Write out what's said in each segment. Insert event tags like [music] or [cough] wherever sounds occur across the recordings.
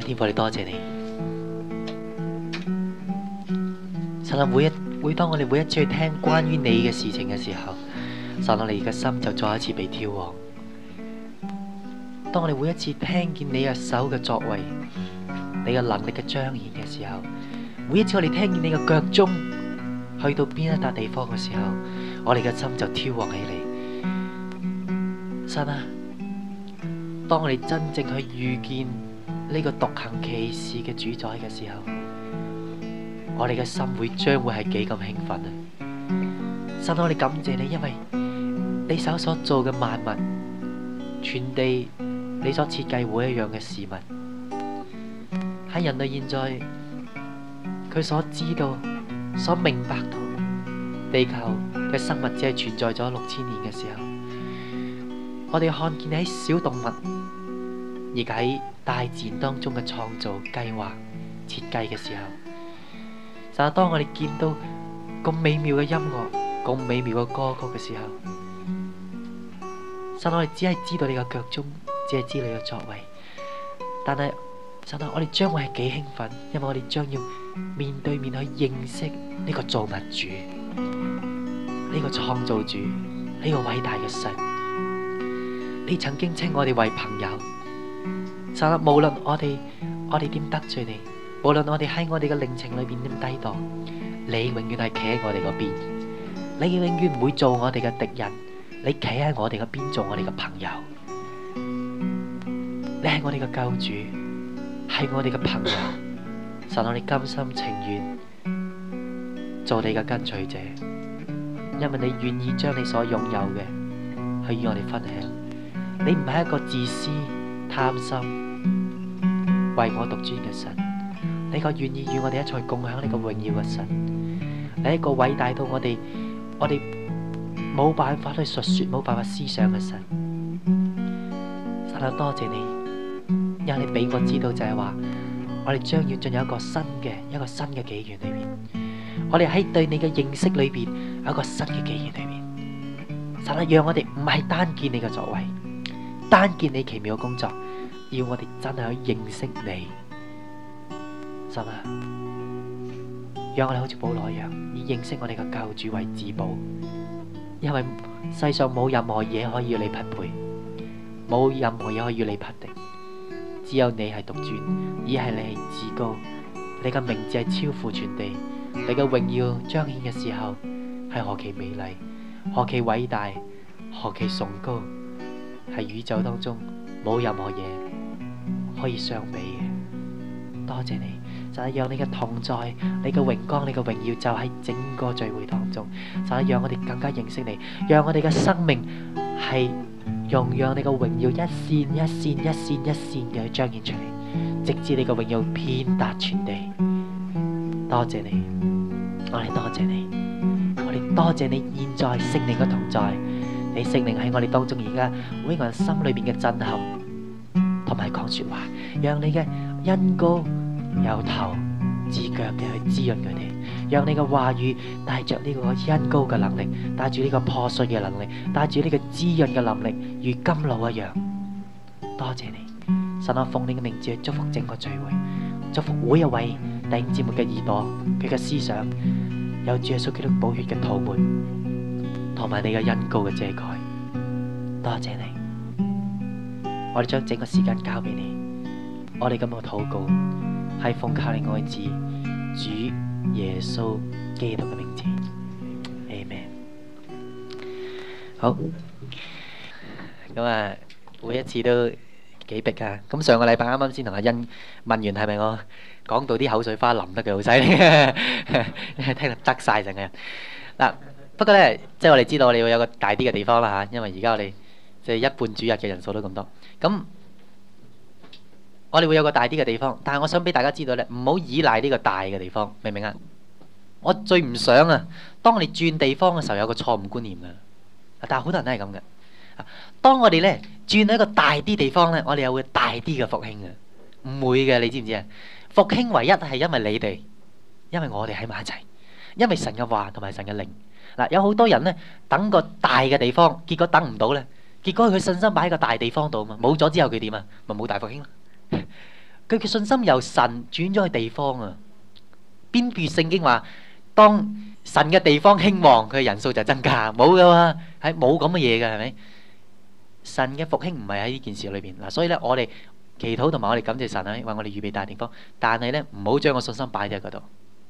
天父，我哋多謝，謝你神啊！每一，每當我哋每一次去聽關於你嘅事情嘅時候，神啊，你嘅心就再一次被挑旺。當我哋每一次聽見你嘅手嘅作為，你嘅能力嘅彰顯嘅時候，每一次我哋聽見你嘅腳蹤去到邊一笪地方嘅時候，我哋嘅心就挑旺起嚟，神啊！當我哋真正去遇見。呢個獨行其事嘅主宰嘅時候，我哋嘅心會將會係幾咁興奮啊！神啊，我哋感謝你，因為你所所做嘅萬物，全地你所設計每一樣嘅事物，喺人類現在佢所知道、所明白到地球嘅生物只係存在咗六千年嘅時候，我哋看見你喺小動物。而喺大自然當中嘅創造計劃設計嘅時候，就係當我哋見到咁美妙嘅音樂、咁美妙嘅歌曲嘅時候，神我哋只係知道你嘅腳蹤，只係知你嘅作為，但係神我哋將會係幾興奮，因為我哋將要面對面去認識呢個造物主，呢個創造主，呢個偉大嘅神。你曾經稱我哋為朋友。神啊，無論我哋我哋點得罪你，無論我哋喺我哋嘅靈情裏邊點低墮，你永遠係企喺我哋嗰邊，你永遠唔會做我哋嘅敵人，你企喺我哋嗰邊做我哋嘅朋友，你係我哋嘅救主，係我哋嘅朋友，神啊，我哋甘心情願做你嘅跟隨者，因為你願意將你所擁有嘅去與我哋分享，你唔係一個自私貪心。為我獨尊嘅神，你個願意與我哋一齊共享呢個榮耀嘅神，你一個偉大到我哋我哋冇辦法去述說、冇辦法思想嘅神，神啊，多謝你，因為你俾我知道就係話，我哋將要進入一個新嘅一個新嘅紀元裏面。我哋喺對你嘅認識裏邊喺一個新嘅紀元裏面。神啊，讓我哋唔係單見你嘅作為，單見你奇妙嘅工作。要我哋真係去認識你，神啊！讓我哋好似保羅一樣，以認識我哋嘅救主為至寶，因為世上冇任何嘢可以要你匹配，冇任何嘢可以要你匹敵，只有你係獨尊，而係你係至高，你嘅名字係超乎全地，你嘅榮耀彰顯嘅時候係何其美麗，何其偉大，何其崇高，係宇宙當中冇任何嘢，可以相比嘅，多謝你，就係讓你嘅同在，你嘅榮光，你嘅榮耀，就喺整個聚會當中，就係讓我哋更加認識你，讓我哋嘅生命係用讓你嘅榮耀，一線一線一線一線嘅彰顯出嚟，直至你嘅榮耀遍達全地。多謝你，我哋多謝你，我哋多謝你現在聖靈嘅同在，你聖靈喺我哋當中而家每個人心裏面嘅震撼。唔係講說話，讓你嘅恩膏由頭至腳嘅去滋潤佢哋，讓你嘅話語帶着呢個恩膏嘅能力，帶住呢個破碎嘅能力，帶住呢個滋潤嘅能力，如甘露一樣。多謝你，神啊，奉你嘅名字去祝福整個聚會，祝福每一位聽節目嘅耳朵，佢嘅思想有著主耶穌基督寶血嘅塗抹，同埋你嘅恩膏嘅遮蓋。多謝你。我哋將整個時間交俾你，我哋今日嘅禱告係奉靠你愛子主耶穌基督嘅名字，Amen。好，咁啊，每一次都幾迫噶。咁上個禮拜啱啱先同阿欣問完，係咪我講到啲口水花淋得佢好犀利，聽得得晒成個人嗱？不過咧，即係我哋知道，我哋會有個大啲嘅地方啦吓，因為而家我哋即係一半主日嘅人數都咁多。咁、嗯、我哋會有個大啲嘅地方，但係我想俾大家知道咧，唔好依賴呢個大嘅地方，明唔明啊？我最唔想啊，當我哋轉地方嘅時候，有個錯誤觀念啊。但係好多人都係咁嘅。當我哋咧轉到一個大啲地方咧，我哋又會有個大啲嘅復興啊，唔會嘅，你知唔知啊？復興唯一係因為你哋，因為我哋喺埋一齊，因為神嘅話同埋神嘅靈。嗱，有好多人咧等個大嘅地方，結果等唔到咧。結果佢信心擺喺個大地方度啊嘛，冇咗之後佢點啊？咪冇大復興咯。佢嘅信心由神轉咗去地方啊。邊句聖經話：當神嘅地方興旺，佢嘅人數就增加。冇噶喎，係冇咁嘅嘢噶，係咪？神嘅復興唔係喺呢件事裏邊嗱，所以咧我哋祈禱同埋我哋感謝神啊，為我哋預備大地方，但係咧唔好將個信心擺喺嗰度。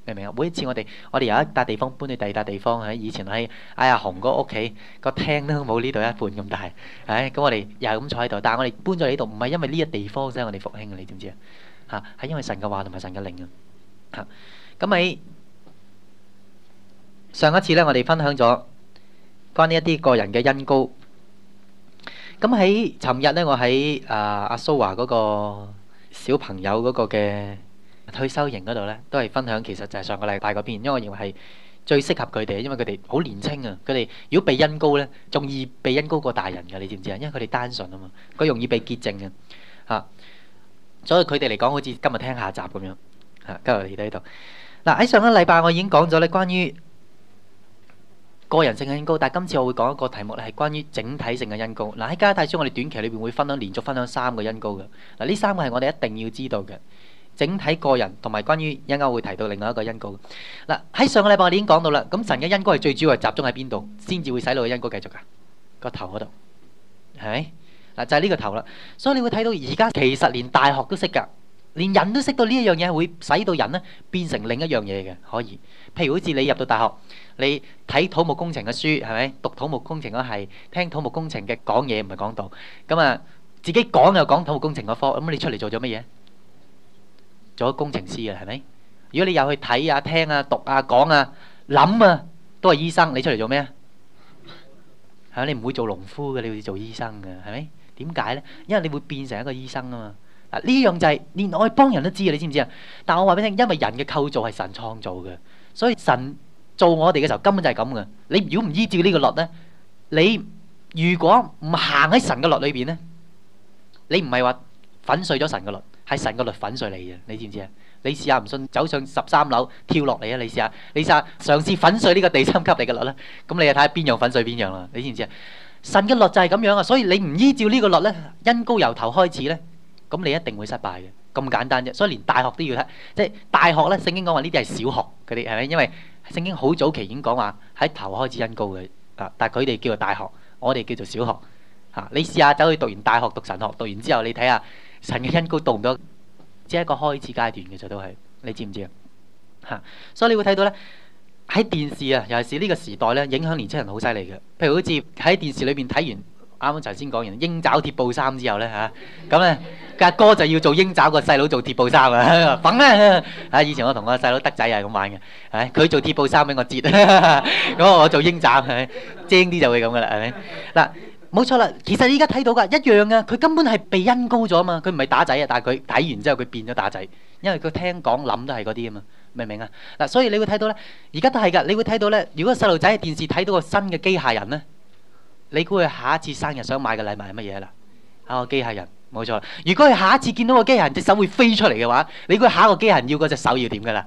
明唔明啊？每一次我哋，我哋由一笪地方搬去第二笪地方，喺以前喺阿雄哥屋企個廳都冇呢度一半咁大。唉，咁我哋又係咁坐喺度，但係我哋搬咗嚟呢度，唔係因為呢一地方先，我哋復興嘅，你點知啊？嚇，係因為神嘅話同埋神嘅靈啊！嚇，咁喺上一次咧，我哋分享咗關於一啲個人嘅恩膏。咁喺尋日咧，我喺阿阿蘇華嗰個小朋友嗰個嘅退修營嗰度咧，都係分享，其實就係上個禮拜嗰邊，因為我認為係最適合佢哋，因為佢哋好年輕啊。佢哋如果被恩膏咧，仲易被恩膏過大人噶，你知唔知啊？因為佢哋單純啊嘛，佢容易被潔淨啊。嚇，所以佢哋嚟講，好似今日聽下集咁樣。嚇，今日嚟到呢度。嗱，喺上個禮拜，我已經講咗咧關於個人性嘅恩膏，但係今次我會講一個題目咧，係關於整體性嘅恩膏。嗱，喺《加泰書》，我哋短期裏邊會分享，連續分享三個恩膏嘅。嗱，呢三個係我哋一定要知道嘅。整體個人，同埋關於一陣間會提到另外一個恩膏嘅。嗱，喺上個禮拜我哋已經講到啦，咁神嘅恩膏係最主要係集中喺邊度先至會使到個恩膏繼續噶？個頭嗰度，係咪？嗱，就係呢個頭啦，所以你會睇到而家其實連大學都識噶，連人都識到呢一樣嘢會使到人咧變成另一樣嘢嘅。可以，譬如好似你入到大學，你睇土木工程嘅書，係咪？讀土木工程嘅，係聽土木工程嘅講嘢，唔係講道咁啊，自己講又講土木工程嗰科咁啊，你出嚟做咗乜嘢？做咗工程師嘅係咪？如果你又去睇啊、聽啊、讀啊、講啊、諗啊，都係醫生。你出嚟做咩啊？係咪？你唔會做農夫嘅，你會做醫生嘅，係咪？點解咧？因為你會變成一個醫生啊嘛。啊，呢樣就係連我幫人都知啊，你知唔知啊？但係我話俾你聽，因為人嘅構造係神創造嘅，所以神做我哋嘅時候根本就係咁嘅。你如果唔依照呢個律咧，你如果唔行喺神嘅律裏邊咧，你唔係話粉碎咗神嘅律。係神嘅律粉碎你嘅，你知唔知啊？你試下唔信，走上十三樓跳落嚟啊！你試下，你試下嘗試粉碎呢個地心吸力嘅律啦。咁你又睇下邊樣粉碎邊樣啦，你知唔知啊？神嘅律就係咁樣啊！所以你唔依照呢個律咧，因高由頭開始咧，咁你一定會失敗嘅。咁簡單啫，所以連大學都要睇，即係大學咧。聖經講話呢啲係小學嗰啲，係咪？因為聖經好早期已經講話喺頭開始因高嘅啊。但係佢哋叫做大學，我哋叫做小學。嚇，你試下走去讀完大學，讀神學，讀完之後你睇下。神嘅恩高到唔到，只係一個開始階段嘅啫，都係你知唔知啊？嚇，所以你會睇到咧，喺電視啊，尤其是呢個時代咧，影響年輕人好犀利嘅。譬如好似喺電視裏邊睇完啱啱頭先講完《鷹爪鐵布衫》之後咧嚇，咁咧阿哥就要做鷹爪，弟弟做，個細佬做鐵布衫啊！笨啊！以前我同我細佬德仔係咁玩嘅，係、啊、佢做鐵布衫俾我折，咁、啊啊、我做鷹爪，精、啊、啲就係咁噶啦，係咪嗱？啊冇錯啦，其實你而家睇到噶一樣啊，佢根本係被恩膏咗啊嘛，佢唔係打仔啊，但係佢睇完之後佢變咗打仔，因為佢聽講諗都係嗰啲啊嘛，明唔明啊？嗱，所以你會睇到咧，而家都係噶，你會睇到咧，如果細路仔喺電視睇到個新嘅機械人咧，你估佢下一次生日想買嘅禮物係乜嘢啦？啊，機械人，冇錯。如果佢下一次見到個機械人隻手會飛出嚟嘅話，你估下個機械人要嗰隻手要點㗎啦？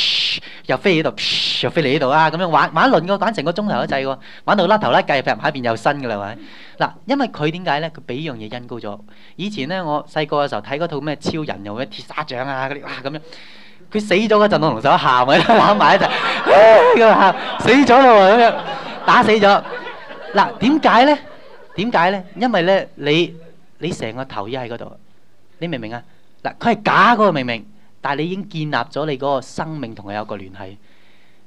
又飛喺度，又飛嚟呢度啊！咁樣玩玩一輪嘅，玩成個鐘頭都制喎，玩到甩頭甩計，劈埋喺邊又新嘅啦，係咪？嗱，因為佢點解咧？佢俾樣嘢印高咗。以前咧，我細個嘅時候睇嗰套咩超人又或者鐵砂掌啊嗰啲，哇咁樣。佢死咗嗰陣，我龍首喊埋，玩埋一齊，佢話死咗咯喎，咁樣打死咗。嗱，點解咧？點解咧？因為咧，你你成個頭依喺嗰度，你明唔明啊？嗱，佢係假嗰個，明唔明？但係你已經建立咗你嗰個生命同佢有個聯繫，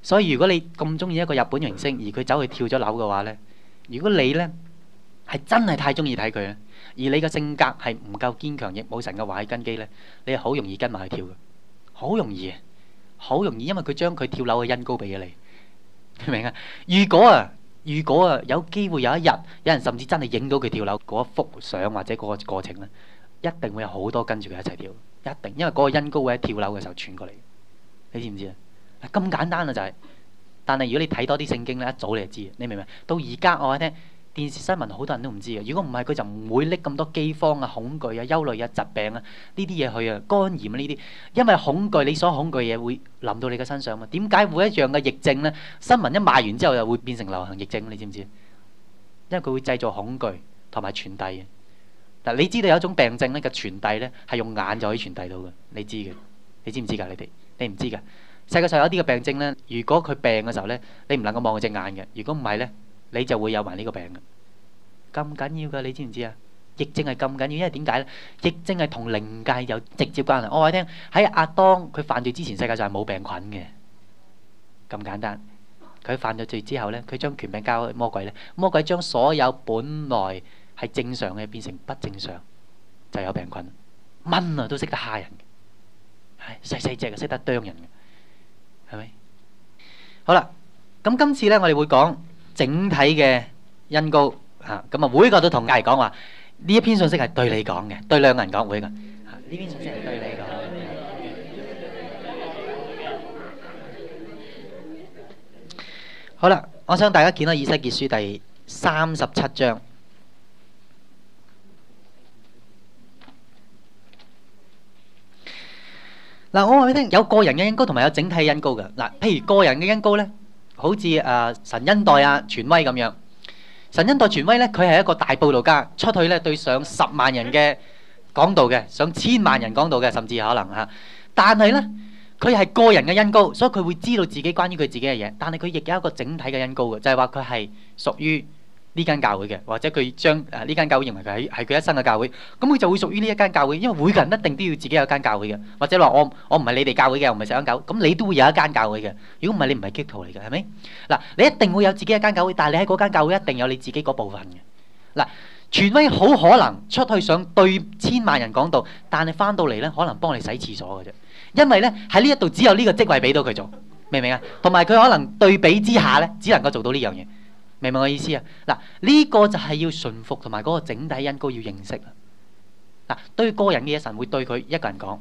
所以如果你咁中意一個日本明星，而佢走去跳咗樓嘅話呢，如果你呢係真係太中意睇佢，而你嘅性格係唔夠堅強，亦冇神嘅偉大根基呢，你係好容易跟埋去跳嘅，好容易，好容易，因為佢將佢跳樓嘅恩膏俾咗你，你明唔明啊？如果啊，如果啊，有機會有一日有人甚至真係影到佢跳樓嗰一幅相或者嗰個過程咧，一定會有好多跟住佢一齊跳。一定，因為嗰個恩膏會喺跳樓嘅時候傳過嚟，你知唔知啊？咁簡單啊，就係。但係如果你睇多啲聖經咧，一早你就知，你明唔明？到而家我話聽電視新聞好多人都唔知嘅，如果唔係佢就唔會拎咁多饑荒啊、恐懼啊、憂慮啊、疾病啊呢啲嘢去啊，肝炎啊呢啲，因為恐懼你所恐懼嘅嘢會臨到你嘅身上啊嘛。點解每一樣嘅疫症咧，新聞一賣完之後又會變成流行疫症？你知唔知？因為佢會製造恐懼同埋傳遞。嗱，你知道有一種病症咧嘅傳遞咧，係用眼就可以傳遞到嘅，你知嘅，你知唔知㗎？你哋，你唔知㗎？世界上有一啲嘅病症咧，如果佢病嘅時候咧，你唔能夠望佢隻眼嘅，如果唔係咧，你就會有埋呢個病嘅，咁緊要㗎，你知唔知啊？疫症係咁緊要，因為點解咧？疫症係同靈界有直接關係。我話你聽，喺阿當佢犯罪之前，世界上係冇病菌嘅，咁簡單。佢犯咗罪之後咧，佢將權柄交俾魔鬼咧，魔鬼將所有本來係正常嘅，變成不正常就有病菌。蚊啊，都識得嚇人嘅，係細細隻嘅，識得啄人嘅，係咪？好啦，咁今次咧，我哋會講整體嘅恩膏嚇，咁啊，每一個都同阿爺講話呢一篇信息係對你講嘅，對兩個人講，每一個呢篇信息係對你講。好啦，我想大家見到《以西結書》第三十七章。嗱，我話俾你聽，有個人嘅恩膏同埋有整體恩膏嘅。嗱，譬如個人嘅恩膏咧，好似誒神恩代啊、傳威咁樣，神恩代傳威咧，佢係一個大佈道家，出去咧對上十萬人嘅講道嘅，上千萬人講道嘅，甚至可能嚇。但係咧，佢係個人嘅恩膏，所以佢會知道自己關於佢自己嘅嘢。但係佢亦有一個整體嘅恩膏嘅，就係話佢係屬於。呢間教會嘅，或者佢將誒呢間教會認為佢喺係佢一生嘅教會，咁佢就會屬於呢一間教會，因為每個人一定都要自己有間教會嘅，或者話我我唔係你哋教會嘅，我唔係呢間教會，咁你都會有一間教會嘅。如果唔係你唔係基督徒嚟嘅，係咪？嗱，你一定會有自己一間教會，但係你喺嗰間教會一定有你自己嗰部分嘅。嗱，權威好可能出去想對千萬人講道，但係翻到嚟咧可能幫你洗廁所嘅啫，因為咧喺呢一度只有呢個職位俾到佢做，明唔明啊？同埋佢可能對比之下咧，只能夠做到呢樣嘢。明唔明我意思啊？嗱，呢個就係要順服同埋嗰個整體恩膏要認識啦。嗱，對於個人嘅嘢，神會對佢一個人講，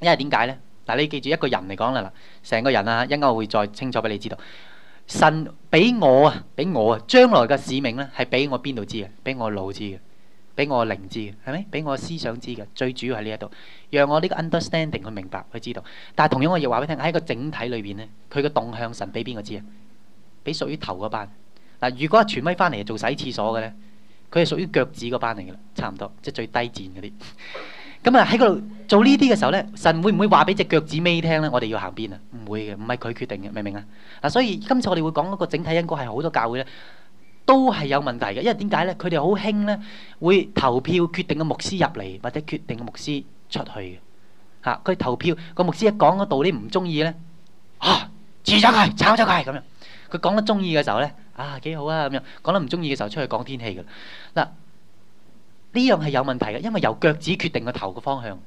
因為點解咧？嗱，你記住一個人嚟講啦，成個人啊，一陣間我會再清楚俾你知道。神俾我啊，俾我啊，將來嘅使命咧，係俾我邊度知嘅？俾我腦知嘅？俾我靈知嘅？係咪？俾我思想知嘅？最主要係呢一度，讓我呢個 understanding 佢明白佢知道。但係同樣我亦話俾你聽喺一個整體裏邊咧，佢嘅動向神俾邊個知啊？俾屬於頭嗰班。嗱，如果阿全威翻嚟做洗廁所嘅咧，佢係屬於腳趾嗰班嚟嘅啦，差唔多即係最低賤嗰啲。咁啊，喺嗰度做呢啲嘅時候咧，神會唔會話俾隻腳趾尾聽咧？我哋要行邊啊？唔會嘅，唔係佢決定嘅，明唔明啊？嗱，所以今次我哋會講嗰個整體恩膏係好多教會咧都係有問題嘅，因為點解咧？佢哋好興咧會投票決定個牧師入嚟或者決定個牧師出去嘅嚇。佢投票個牧師一講道你唔中意咧啊，辭咗佢炒咗佢咁樣。佢講得中意嘅時候咧。啊，幾好啊咁樣，講得唔中意嘅時候出去講天氣㗎啦。嗱，呢樣係有問題嘅，因為由腳趾決定個頭嘅方向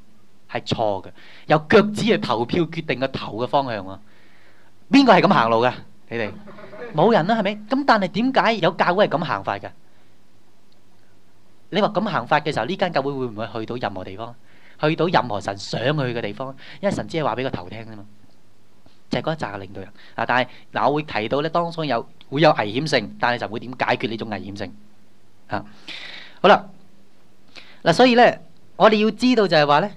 係錯嘅，由腳趾去投票決定個頭嘅方向啊。邊個係咁行路㗎？你哋冇人啦，係咪？咁但係點解有教會係咁行法嘅？你話咁行法嘅時候，呢間教會會唔會去到任何地方？去到任何神想去嘅地方，因為神只係話俾個頭聽啫嘛。就係嗰一紮嘅領導人啊！但係嗱，我會提到咧，當中有會有危險性，但係就會點解決呢種危險性啊？好啦，嗱，所以咧，我哋要知道就係話咧，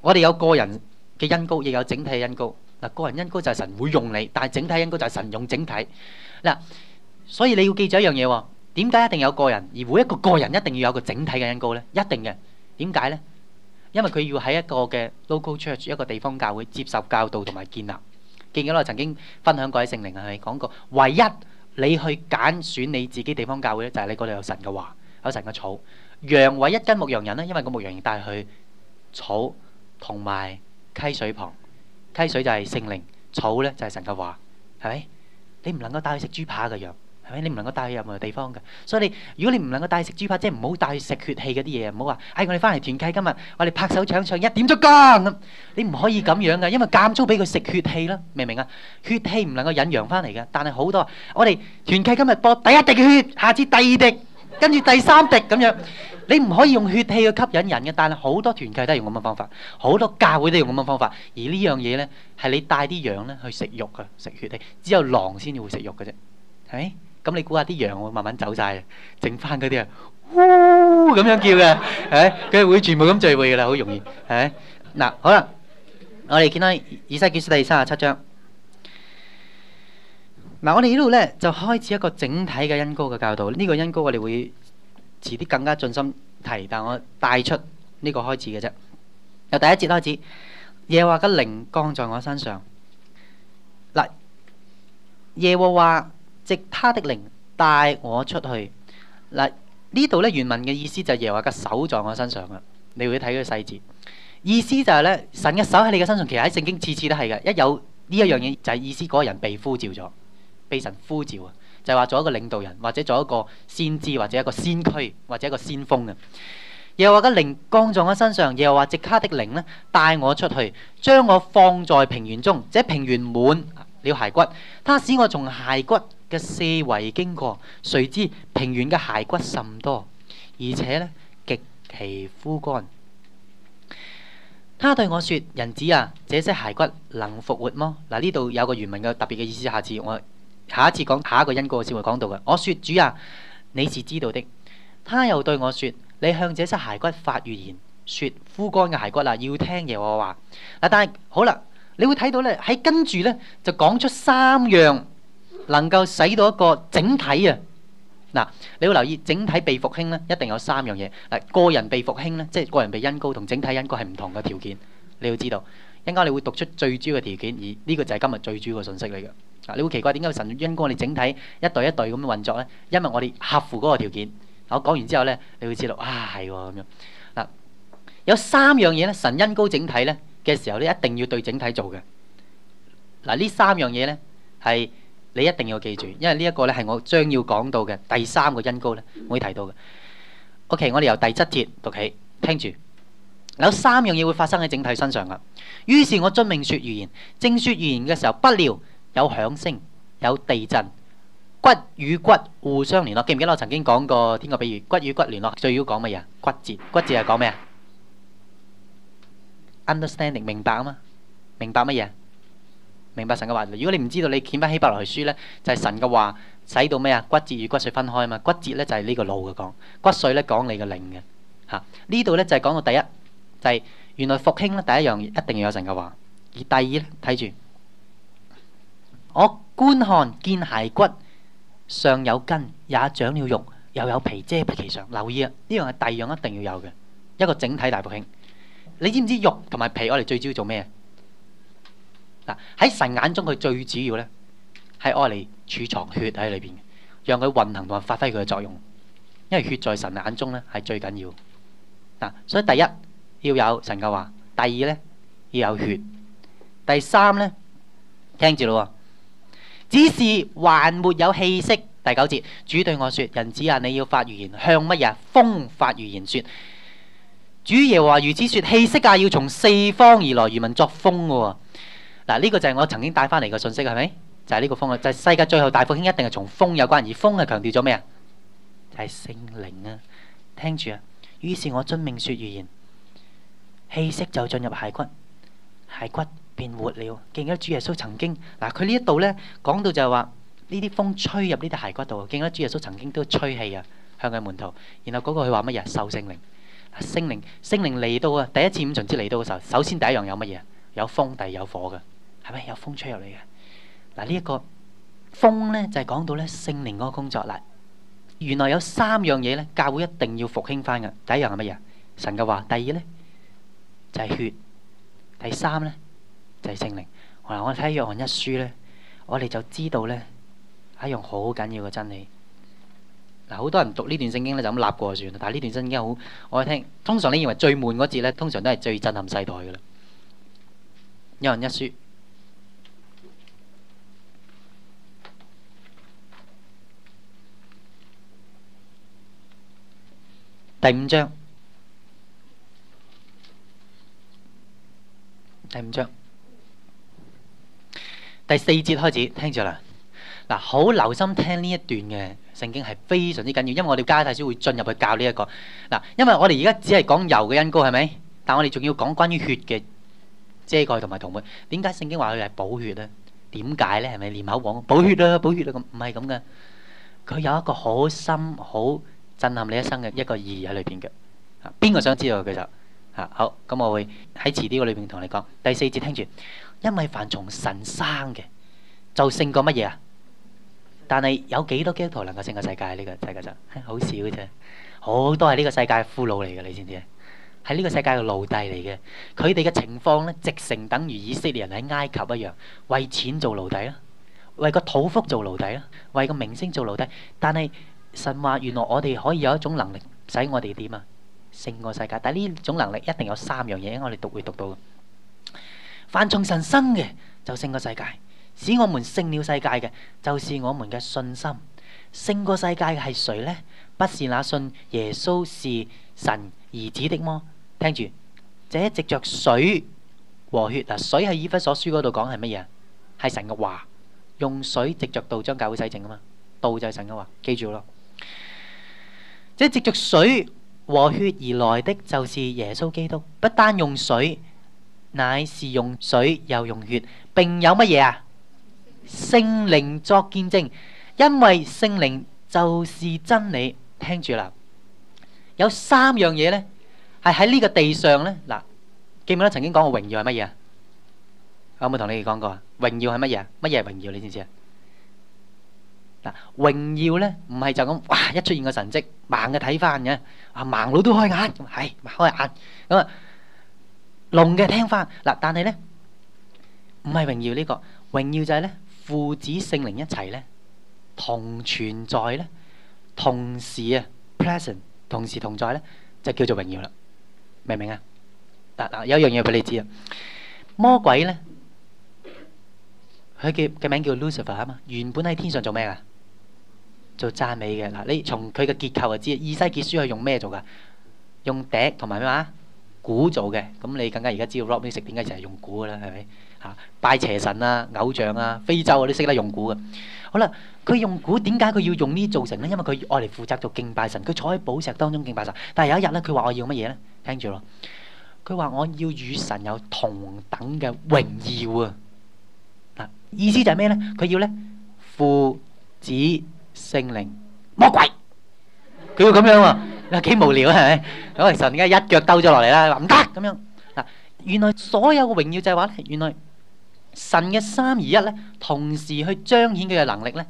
我哋有個人嘅恩膏，亦有整體嘅恩膏。嗱，個人恩膏就係神會用你，但係整體恩膏就係神用整體。嗱，所以你要記住一樣嘢喎，點解一定要有個人而每一個個人一定要有個整體嘅恩膏咧？一定嘅。點解咧？因為佢要喺一個嘅 local church 一個地方教會接受教導同埋建立。見到我曾經分享過喺聖靈啊，你講過唯一你去揀選你自己地方教會咧，就係你嗰度有神嘅話，有神嘅草，羊唯一跟牧羊人咧，因為個牧羊人帶去草同埋溪水旁，溪水就係聖靈，草咧就係神嘅話，係咪？你唔能夠帶佢食豬扒嘅羊。你唔能夠帶去任何地方嘅，所以你如果你唔能夠帶去食豬扒，即係唔好帶去食血氣嗰啲嘢，唔好話唉，我哋翻嚟團契今日，我哋拍手唱唱一點鐘乾咁，你唔可以咁樣嘅，因為間中俾佢食血氣啦，明唔明啊？血氣唔能夠引羊翻嚟嘅，但係好多我哋團契今日播第一滴血，下次第二滴，跟住第三滴咁樣，你唔可以用血氣去吸引人嘅，但係好多團契都係用咁嘅方法，好多教會都係用咁嘅方法，而呢樣嘢咧係你帶啲羊咧去食肉嘅，食血氣，只有狼先至會食肉嘅啫，係。咁你估下啲羊會慢慢走曬，整翻嗰啲啊，呼咁樣叫嘅，誒，佢哋會全部咁聚會噶啦，好容易，係咪？嗱，好啦，我哋見到以西結書第三十七章。嗱，我哋呢度咧就開始一個整體嘅恩膏嘅教導，呢個恩膏我哋會遲啲更加盡心提，但係我帶出呢個開始嘅啫。由第一節開始，耶和華的靈降在我身上。嗱，耶和華，藉他的靈帶我出去。嗱，呢度咧原文嘅意思就係又話個手在我身上啊！你會睇佢細節，意思就係、是、咧神嘅手喺你嘅身上，其實喺聖經次次都係嘅。一有呢一樣嘢就係、是、意思，嗰個人被呼召咗，被神呼召啊！就係、是、話做一個領導人，或者做一個先知，或者一個先驅，或者一個先鋒啊！又話個靈降在我身上，又話藉他的靈咧帶我出去，將我放在平原中，這平原滿了骸骨，他使我從骸骨。四圍經過，誰知平原，嘅骸骨甚多，而且咧極其枯乾。他對我說：人子啊，這些骸骨能復活麼？嗱，呢度有個原文嘅特別嘅意思，下次我下一次講下一個因果先會講到嘅。我說主啊，你是知道的。他又對我說：你向這些骸骨發預言，說枯乾嘅骸骨啊，要聽耶和華的話。嗱，但係好啦，你會睇到咧，喺跟住咧就講出三樣。能夠使到一個整體啊！嗱，你要留意整體被復興咧，一定有三樣嘢。嗱，個人被復興咧，即係個人被恩膏同整體恩膏係唔同嘅條件，你要知道。一陣間你會讀出最主要嘅條件，而呢個就係今日最主要嘅信息嚟嘅。嗱，你會奇怪點解神恩膏我哋整體一代一代咁運作咧？因為我哋合乎嗰個條件。我講完之後咧，你會知道啊，係喎咁樣。嗱，有三樣嘢咧，神恩膏整體咧嘅時候咧，一定要對整體做嘅。嗱，呢三樣嘢咧係。你一定要記住，因為呢一個咧係我將要講到嘅第三個恩膏咧，我會提到嘅。OK，我哋由第七節讀起，聽住有三樣嘢會發生喺整體身上噶。於是，我遵命説預言，正説預言嘅時候，不料有響聲，有地震，骨與骨互相聯絡。記唔記得我曾經講過天國比喻？骨與骨聯絡最要講乜嘢？骨折，骨折係講咩啊？Understanding 明白啊嘛？明白乜嘢？明白神嘅話，如果你唔知道你撿翻希伯來書咧，就係神嘅話使到咩啊？骨節與骨髓分開啊嘛，骨節咧就係呢個腦嘅講，骨髓咧講你嘅靈嘅吓。啊、呢度咧就係講到第一，就係原來復興咧第一樣一定要有神嘅話，而第二咧睇住，我觀看見骸骨上有筋，也長了肉，又有皮遮蔽其上。留意啊，呢樣係第二樣一定要有嘅一個整體大復興。你知唔知肉同埋皮我哋最主要做咩啊？嗱喺神眼中，佢最主要咧係愛嚟儲藏血喺裏邊，讓佢運行同埋發揮佢嘅作用，因為血在神眼中咧係最緊要嗱、啊。所以第一要有神嘅話，第二咧要有血，第三咧聽住咯喎，只是還沒有氣息。第九節主對我説：人子啊，你要發預言向乜嘢啊？風發預言説，主耶華如此説：氣息啊，要從四方而來，原文作風喎。嗱，呢個就係我曾經帶翻嚟嘅信息，係咪？就係、是、呢個風啊！就係、是、世界最後大復興一定係從風有關，而風係強調咗咩啊？就係聖靈啊！聽住啊！於是，我遵命説預言，氣息就進入骸骨，骸骨便活了。記唔記得主耶穌曾經嗱？佢、啊、呢一度咧講到就係話，呢啲風吹入呢啲骸骨度。記唔記得主耶穌曾經都吹氣啊？向佢門徒，然後嗰個佢話乜嘢？受聖靈。聖靈聖靈嚟到啊！第一次五旬節嚟到嘅時候，首先第一樣有乜嘢？有風，第二有火嘅。係咪有風吹入嚟嘅？嗱，呢一個風咧，就係講到咧，聖靈嗰個工作。嗱，原來有三樣嘢咧，教會一定要復興翻嘅。第一樣係乜嘢？神嘅話。第二咧就係血。第三咧就係聖靈。嗱，我睇約翰一書咧，我哋就知道咧一樣好緊要嘅真理。嗱，好多人讀呢段聖經咧就咁立過算啦。但係呢段聖經好我哋聽，通常你認為最悶嗰節咧，通常都係最震撼世代嘅啦。約翰一書。第五章，第五章，第四節開始，聽住啦，嗱，好留心聽呢一段嘅聖經係非常之緊要，因為我哋加太書會進入去教呢一個，嗱，因為我哋而家只係講油嘅恩膏係咪？但我哋仲要講關於血嘅遮蓋同埋塗抹，點解聖經話佢係補血咧？點解咧？係咪念口簧補血啦？補血啦？咁唔係咁嘅，佢有一個好深好。震撼你一生嘅一個意義喺裏邊嘅，啊邊個想知道佢就，啊好咁，我會喺遲啲個裏邊同你講。第四節聽住，因為凡從神生嘅，就勝過乜嘢啊？但係有幾多基督徒能夠勝過世界呢個？世界其實好少嘅啫，好多係呢個世界嘅俘虜嚟嘅，你知唔知？係呢個世界嘅奴隸嚟嘅，佢哋嘅情況咧，直成等於以色列人喺埃及一樣，為錢做奴隸啦，為個土福做奴隸啦，為個明星做奴隸，但係。神話原來我哋可以有一種能力，使我哋點啊勝過世界。但係呢種能力一定有三樣嘢，我哋讀會讀到嘅。凡從神生嘅就勝過世界，使我們勝了世界嘅就是我們嘅信心。勝過世界嘅係誰呢？不是那信耶穌是神兒子的麼？聽住，這藉著水和血嗱，水喺以弗所書嗰度講係乜嘢啊？係神嘅話，用水藉著道將教會洗淨啊嘛。道就係神嘅話，記住咯。即係藉着水和血而來的就是耶穌基督，不單用水，乃是用水又用血，並有乜嘢啊？聖靈作見證，因為聖靈就是真理。聽住啦，有三樣嘢咧，係喺呢個地上咧嗱，記唔記得曾經講過榮耀係乜嘢啊？有冇同你哋講過？榮耀係乜嘢啊？乜嘢係榮耀你知唔知啊？嗱，榮耀咧唔係就咁，哇一出現個神蹟盲嘅睇翻嘅，啊盲佬都開眼，係開眼咁啊，聾嘅聽翻，嗱，但係咧唔係榮耀呢個，榮耀就係咧父子聖靈一齊咧同存在咧，同時啊 present，同時同在咧就叫做榮耀啦，明唔明啊？嗱嗱，有一樣嘢俾你知啊，魔鬼咧佢嘅嘅名叫 Lucifer 啊嘛，原本喺天上做咩啊？做讚美嘅嗱，你從佢嘅結構就知，以西結書係用咩做噶？用笛同埋咩話鼓做嘅。咁你更加而家知道 rock 啲食點解成日用鼓噶啦，係咪嚇拜邪神啊、偶像啊、非洲嗰啲識得用鼓嘅。好啦。佢用鼓點解佢要用呢？造成咧，因為佢愛嚟負責做敬拜神，佢坐喺寶石當中敬拜神。但係有一日咧，佢話我要乜嘢咧？聽住咯，佢話我要與神有同等嘅榮耀啊！嗱，意思就係咩咧？佢要咧父子。聖靈、魔鬼，佢會咁樣喎。嗱，幾無聊係咪？咁其實神一腳兜咗落嚟啦，話唔得咁樣。嗱，原來所有嘅榮耀就係話咧，原來神嘅三而一咧，同時去彰顯佢嘅能力咧，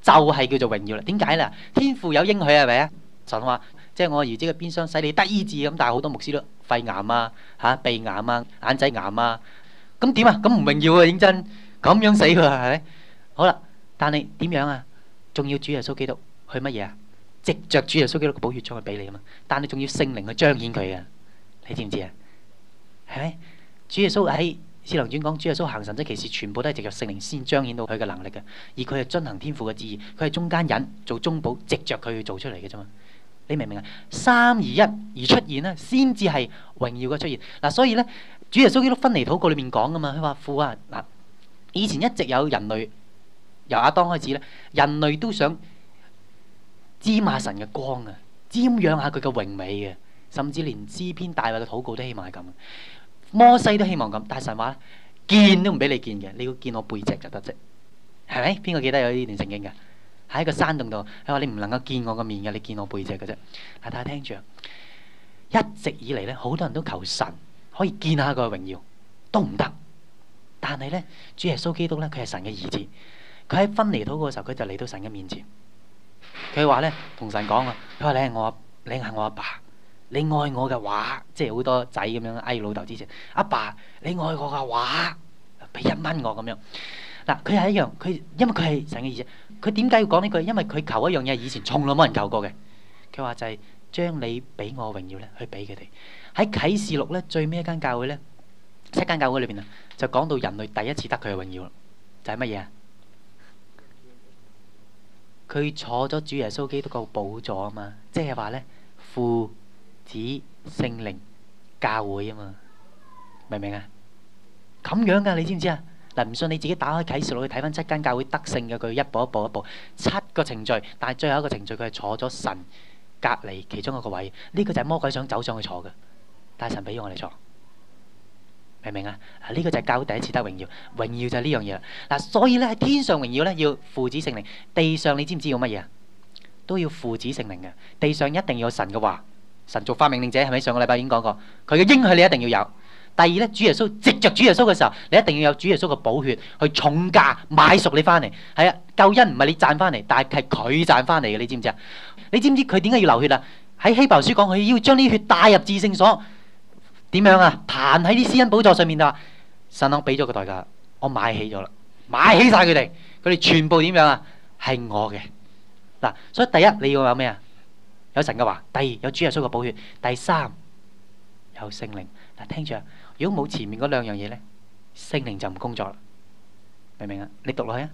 就係叫做榮耀啦。點解咧？天父有應許係咪啊？神話即係我兒子嘅鞭傷使你得醫治咁，但係好多牧師都肺癌啊、嚇鼻癌啊、眼仔癌啊，咁點啊？咁唔榮耀喎，認真咁樣死佢係咪？好啦，但係點樣啊？仲要主耶穌基督去乜嘢啊？藉着主耶穌基督嘅寶血將去俾你啊嘛！但你仲要聖靈去彰顯佢啊？你知唔知啊？係咪？主耶穌喺《四堂傳講》主耶穌行神迹奇事，全部都係藉着聖靈先彰顯到佢嘅能力嘅。而佢係遵行天父嘅旨意，佢係中間人，做中保，藉着佢去做出嚟嘅啫嘛。你明唔明啊？三而一而出現咧，先至係榮耀嘅出現嗱。所以咧，主耶穌基督分離禱告裏面講噶嘛，佢話父啊，嗱，以前一直有人類。由阿當開始咧，人類都想沾下神嘅光啊，瞻仰下佢嘅榮美嘅，甚至連詩篇大衛嘅禱告都希望係咁，摩西都希望咁，但神話咧，見都唔俾你見嘅，你要見我背脊就得啫，係咪？邊個記得有呢段聖經噶？喺一個山洞度，佢話你唔能夠見我個面嘅，你見我背脊嘅啫。大家聽住啊，一直以嚟咧，好多人都求神可以見下佢嘅榮耀，都唔得。但係咧，主耶穌基督咧，佢係神嘅兒子。佢喺分離到嗰時候，佢就嚟到神嘅面前。佢話咧，同神講啊，佢話你係我，你係我阿爸，爸。你愛我嘅話，即係好多仔咁樣嗌老豆之前。阿爸，爸，你愛我嘅話，俾一蚊我咁樣。嗱，佢係一樣，佢因為佢係神嘅意思。佢點解要講呢句？因為佢求一樣嘢，以前從來冇人求過嘅。佢話就係將你俾我嘅榮耀咧，去俾佢哋。喺啟示錄咧，最尾一間教會咧，七間教會裏邊啊，就講到人類第一次得佢嘅榮耀咯。就係乜嘢啊？佢坐咗主耶穌基督個寶座啊嘛，即係話呢，父子聖靈教會啊嘛，明唔明啊？咁樣噶，你知唔知啊？嗱，唔信你自己打開啟示錄去睇翻七間教會得勝嘅，佢一步一步一步七個程序，但係最後一個程序佢係坐咗神隔離其中一個位，呢個就係魔鬼想走上去坐嘅，但係神俾咗我哋坐。明啊？呢個就係教第一次得榮耀，榮耀就係呢樣嘢。嗱，所以咧喺天上榮耀咧要父子聖靈，地上你知唔知要乜嘢啊？都要父子聖靈嘅。地上一定要有神嘅話，神作發命令者係咪？是，是上個禮拜已經講過，佢嘅應許你一定要有。第二咧，主耶穌藉着主耶穌嘅時候，你一定要有主耶穌嘅寶血去重價買贖你翻嚟。係啊，救恩唔係你賺翻嚟，但係佢賺翻嚟嘅。你知唔知啊？你知唔知佢點解要流血啊？喺希伯來書講，佢要將呢啲血帶入至聖所。點樣啊？彈喺啲私恩寶座上面就話，神啊，俾咗個代價，我買起咗啦，買起晒佢哋，佢哋全部點樣啊？係我嘅嗱，所以第一你要有咩啊？有神嘅話，第二有主耶穌嘅寶血，第三有聖靈嗱。聽住啊，如果冇前面嗰兩樣嘢咧，聖靈就唔工作啦，明唔明啊？你讀落去啊，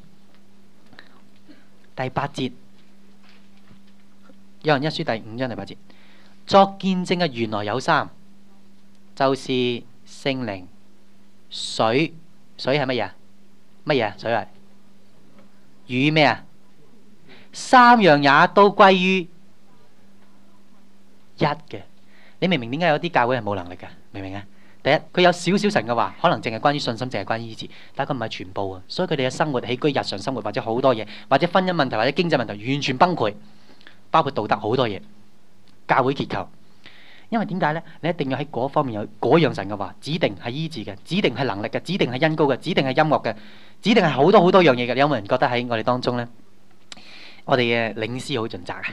第八節，有人一書第五章第八節，作見證嘅原來有三。就是聖靈、水、水係乜嘢乜嘢啊？水係？魚咩啊？三樣也都歸於一嘅。你明唔明點解有啲教會係冇能力嘅？明唔明啊？第一，佢有少少神嘅話，可能淨係關於信心，淨係關於醫治，但係佢唔係全部啊。所以佢哋嘅生活、起居、日常生活，或者好多嘢，或者婚姻問題，或者經濟問題，完全崩潰，包括道德好多嘢，教會結構。因為點解咧？你一定要喺嗰方面有嗰樣神嘅話，指定係醫治嘅，指定係能力嘅，指定係恩膏嘅，指定係音樂嘅，指定係好多好多樣嘢嘅。你有冇人覺得喺我哋當中咧，我哋嘅領師好盡責啊！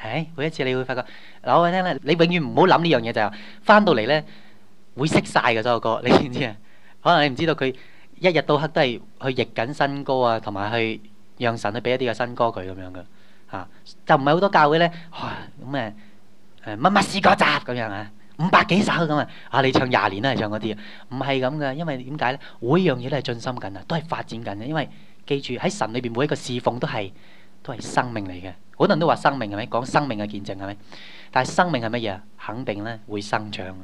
唉，每一次你會發覺，攞去聽咧，你永遠唔好諗呢樣嘢就係翻到嚟咧，會識曬嘅所有歌，你知唔知啊？可能你唔知道佢一日到黑都係去譯緊新歌啊，同埋去讓神去俾一啲嘅新歌佢咁樣嘅嚇，就唔係好多教會咧，咁誒。乜乜詩歌集咁樣啊？五百幾首咁啊！啊，你唱廿年都係唱嗰啲啊？唔係咁嘅，因為點解咧？每樣嘢都係進心緊啊，都係發展緊嘅。因為記住喺神裏邊每一個侍奉都係都係生命嚟嘅。好多人都話生命係咪講生命嘅見證係咪？但係生命係乜嘢啊？肯定咧會生長，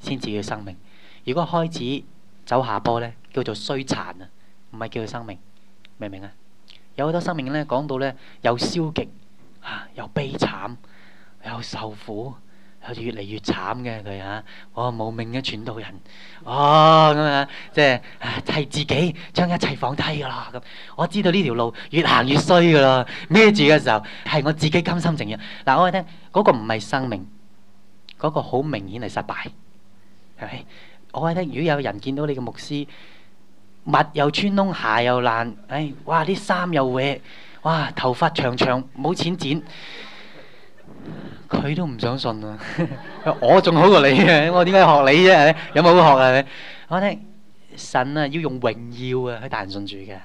先至叫生命。如果開始走下坡咧，叫做衰殘啊，唔係叫做生命，明唔明啊？有好多生命咧講到咧又消極啊，又悲慘。又受苦，有越嚟越慘嘅佢啊，我、哦、無名嘅傳道人，哦咁啊，即係替自己將一切放低噶啦咁。我知道呢條路越行越衰噶啦，孭住嘅時候係我自己甘心情願。嗱，我睇咧嗰個唔係生命，嗰、嗰個好明顯係失敗，係咪？我睇咧，如果有人見到你嘅牧師，襪又穿窿，鞋又爛，唉、哎，哇！啲衫又歪，哇！頭髮長長，冇錢剪。佢都唔想信啊！ [laughs] 我仲好過你啊！ [laughs] 我點解學你啫？有冇好學啊？你我聽神啊，要用榮耀啊，去帶人信主嘅。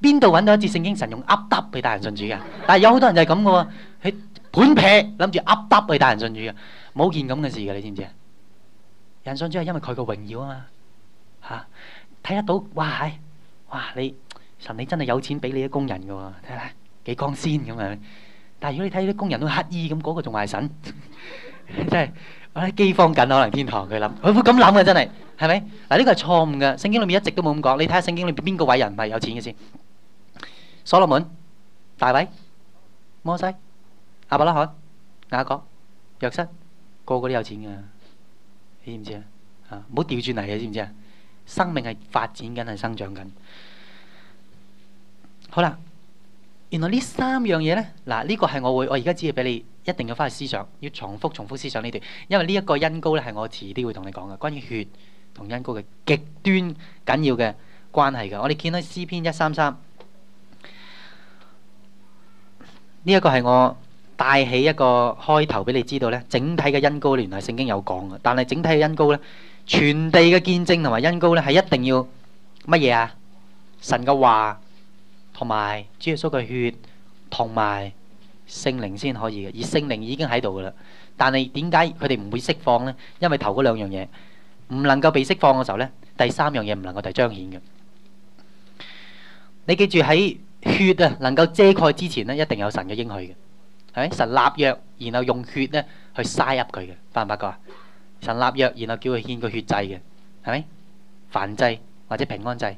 邊度搵到一節聖經神用噏噏去帶人信主嘅？但係有好多人就係咁嘅喎，佢盤劈諗住噏噏去帶人信主嘅，冇件咁嘅事嘅，你知唔知啊？人信主係因為佢個榮耀啊嘛，吓，睇得到哇哇你神你真係有錢俾你啲工人嘅喎、啊，睇睇幾光鮮咁樣。但係如果你睇啲工人都乞衣咁，嗰個仲迷信，真係我喺饑荒緊，可能天堂佢諗，佢會咁諗嘅真係，係咪？嗱呢個係錯誤嘅，聖經裏面一直都冇咁講。你睇下聖經裏面邊個偉人唔係有錢嘅先？所羅門、大衛、摩西、亞伯拉罕、雅各、約瑟，個個都有錢嘅，你知唔知啊？嚇，唔好調轉嚟嘅，知唔知啊？生命係發展緊，係生長緊。好啦。原來呢三樣嘢咧，嗱呢個係我會，我而家只係俾你，一定要翻去思想，要重複重複思想呢段，因為呢一個恩膏咧係我遲啲會同你講嘅，關於血同恩膏嘅極端緊要嘅關係嘅。我哋見到詩篇一三三，呢一個係我帶起一個開頭俾你知道咧，整體嘅恩膏原來聖經有講嘅，但係整體嘅恩膏咧，全地嘅見證同埋恩膏咧係一定要乜嘢啊？神嘅話。同埋主耶穌嘅血，同埋聖靈先可以嘅，而聖靈已經喺度噶啦。但係點解佢哋唔會釋放咧？因為頭嗰兩樣嘢唔能夠被釋放嘅時候咧，第三樣嘢唔能夠就彰顯嘅。你記住喺血啊能夠遮蓋之前咧，一定有神嘅應許嘅。係咪神立約，然後用血咧去嘥入佢嘅，發唔發覺？神立約，然後叫佢獻個血祭嘅，係咪？燔祭或者平安祭？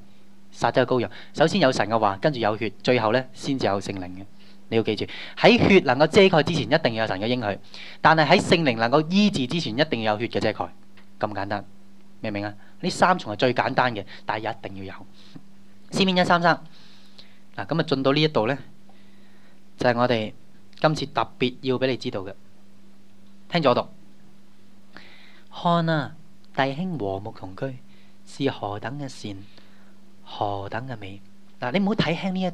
殺得個羔羊，首先有神嘅話，跟住有血，最後咧先至有聖靈嘅。你要記住，喺血能夠遮蓋之前，一定要有神嘅應許；但係喺聖靈能夠醫治之前，一定要有血嘅遮蓋。咁簡單，明唔明啊？呢三重係最簡單嘅，但係一定要有。詩篇一三三嗱，咁啊進到呢一度咧，就係我哋今次特別要俾你知道嘅。聽住我讀，看啊，弟兄和睦同居是何等嘅善！何等嘅美！嗱，你唔好睇輕呢一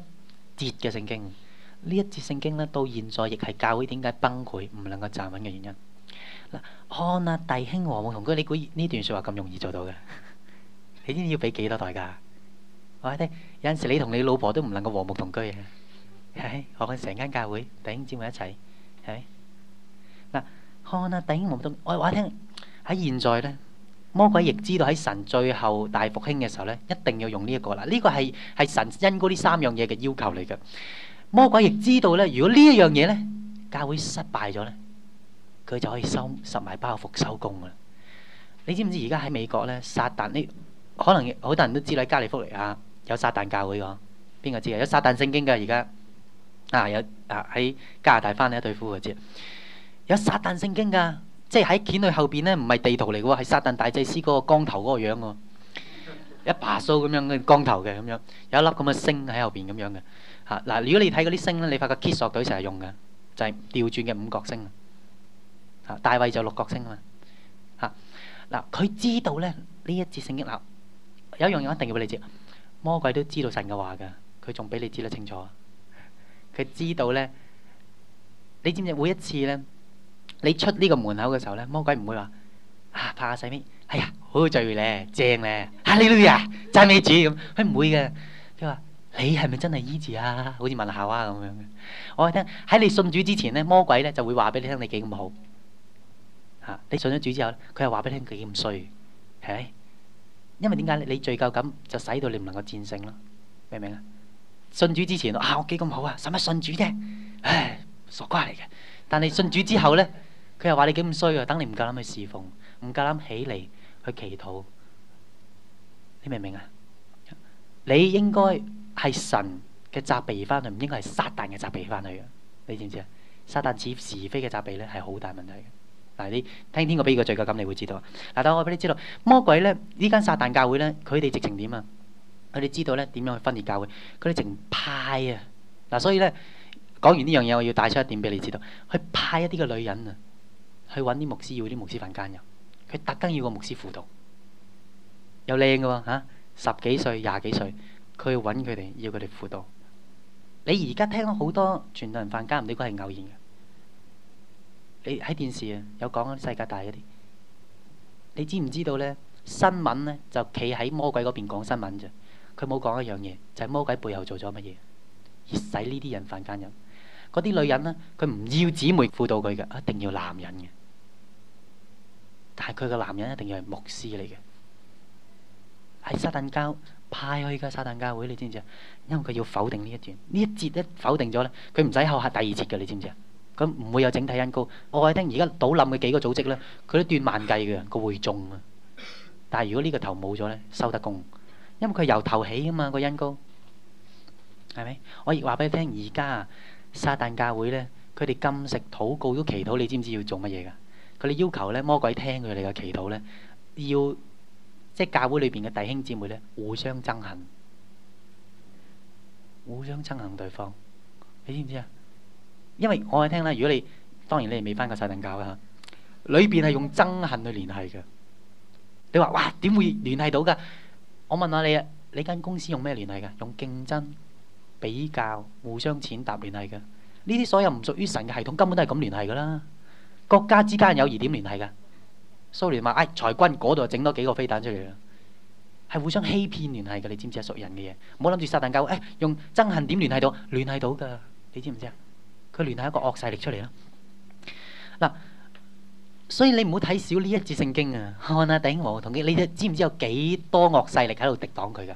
節嘅聖經，呢一節聖經咧，到現在亦係教會點解崩潰，唔能夠站穩嘅原因。嗱，看啊，弟兄和睦同居，你估呢段説話咁容易做到嘅？ [laughs] 你知唔知要俾幾多代價？我話你聽，有陣時你同你老婆都唔能夠和睦同居啊！係，我看成間教會弟兄姊妹一齊，係。嗱，看啊，弟兄和睦同居，我話你聽喺現在咧。魔鬼亦知道喺神最後大復興嘅時候咧，一定要用呢一個啦。呢個係係神因嗰呢三樣嘢嘅要求嚟嘅。魔鬼亦知道咧，如果呢一樣嘢咧，教會失敗咗咧，佢就可以收拾埋包袱收工噶啦。你知唔知而家喺美國咧，撒旦呢？可能好多人都知啦，加利福尼亞有撒旦教會㗎。邊個知啊？有撒旦聖經㗎？而家啊有啊喺加拿大返嚟一對夫嘅啫。有撒旦聖經㗎。即係喺卷佢後邊咧，唔係地圖嚟嘅喎，係撒旦大祭司嗰個光頭嗰個樣喎，一把鬚咁樣嘅光頭嘅咁樣，有一粒咁嘅星喺後邊咁樣嘅嚇。嗱，如果你睇嗰啲星咧，你發覺 Kiss 樂隊成日用嘅就係調轉嘅五角星啊。嚇，大衛就六角星啊嘛。嚇，嗱，佢知道咧呢一節聖經，立，有一樣嘢一定要俾你知，魔鬼都知道神嘅話嘅，佢仲比你知得清楚。佢知道咧，你知唔知每一次咧？你出呢個門口嘅時候咧，魔鬼唔會話嚇怕死咩？哎呀，好罪咧，正咧哈利路亞，讚美主咁，佢唔會嘅。佢話你係咪真係依主啊？好似問夏娃咁樣。我話聽喺你信主之前咧，魔鬼咧就會話俾你聽你幾咁好嚇。你信咗主之後，佢又話俾你聽佢幾咁衰。係，因為點解你罪疚咁就使到你唔能夠戰勝咯？明唔明啊？信主之前啊，我幾咁好啊，使乜信主啫？唉，傻瓜嚟嘅。但係信主之後咧。佢又話你幾咁衰啊！等你唔夠膽去侍奉，唔夠膽起嚟去祈禱，你明唔明啊？你應該係神嘅責備翻去，唔應該係撒旦嘅責備翻去嘅。你知唔知啊？撒旦似是非嘅責備咧，係好大問題。嗱，你聽天我俾個罪教，咁你會知道。嗱，但我俾你知道，魔鬼咧呢間撒旦教會咧，佢哋直情點啊？佢哋知道咧點樣去分裂教會，佢哋直情派啊！嗱，所以咧講完呢樣嘢，我要帶出一點俾你知道，去派一啲嘅女人啊！去揾啲牧師要啲牧師犯奸淫，佢特登要個牧師輔導，又靚噶喎嚇，十幾歲、廿幾歲，佢揾佢哋要佢哋輔導。你而家聽好多傳道人犯奸淫，呢個係偶然嘅。你喺電視啊有講世界大嗰啲，你知唔知道咧新聞咧就企喺魔鬼嗰邊講新聞啫，佢冇講一樣嘢就係魔鬼背後做咗乜嘢，而使呢啲人犯奸淫。嗰啲女人咧，佢唔要姊妹輔導佢嘅，一定要男人嘅。但係佢個男人一定要係牧師嚟嘅，喺撒但教派去嘅撒但教會，你知唔知啊？因為佢要否定呢一段，呢一節一否定咗咧，佢唔使後下第二節嘅，你知唔知啊？佢唔會有整體恩膏。我話你聽，而家倒冧嘅幾個組織咧，佢都斷萬計嘅個會眾啊！但係如果呢個頭冇咗咧，收得工，因為佢由頭起啊嘛個恩膏，係咪？我亦話俾你聽，而家啊撒但教會咧，佢哋禁食、禱告、都祈禱，你知唔知要做乜嘢㗎？佢哋要求咧，魔鬼聽佢哋嘅祈禱咧，要即係教會裏邊嘅弟兄姊妹咧，互相憎恨，互相憎恨對方。你知唔知啊？因為我係聽啦，如果你當然你哋未翻過洗淨教噶，裏邊係用憎恨去聯繫嘅。你話哇點會聯繫到噶？我問下你啊，你間公司用咩聯繫噶？用競爭、比較、互相踐踏聯繫嘅。呢啲所有唔屬於神嘅系統，根本都係咁聯繫噶啦。國家之間友誼點聯繫㗎？蘇聯話，哎，財軍嗰度整多幾個飛彈出嚟啦，係互相欺騙聯繫㗎。你知唔知熟人嘅嘢？唔好諗住撒但教，哎，用憎恨點聯繫到聯繫到㗎？你知唔知啊？佢聯繫一個惡勢力出嚟啦。嗱，所以你唔好睇小呢一節聖經啊。看下弟兄同居，你知唔知有幾多惡勢力喺度敵擋佢㗎？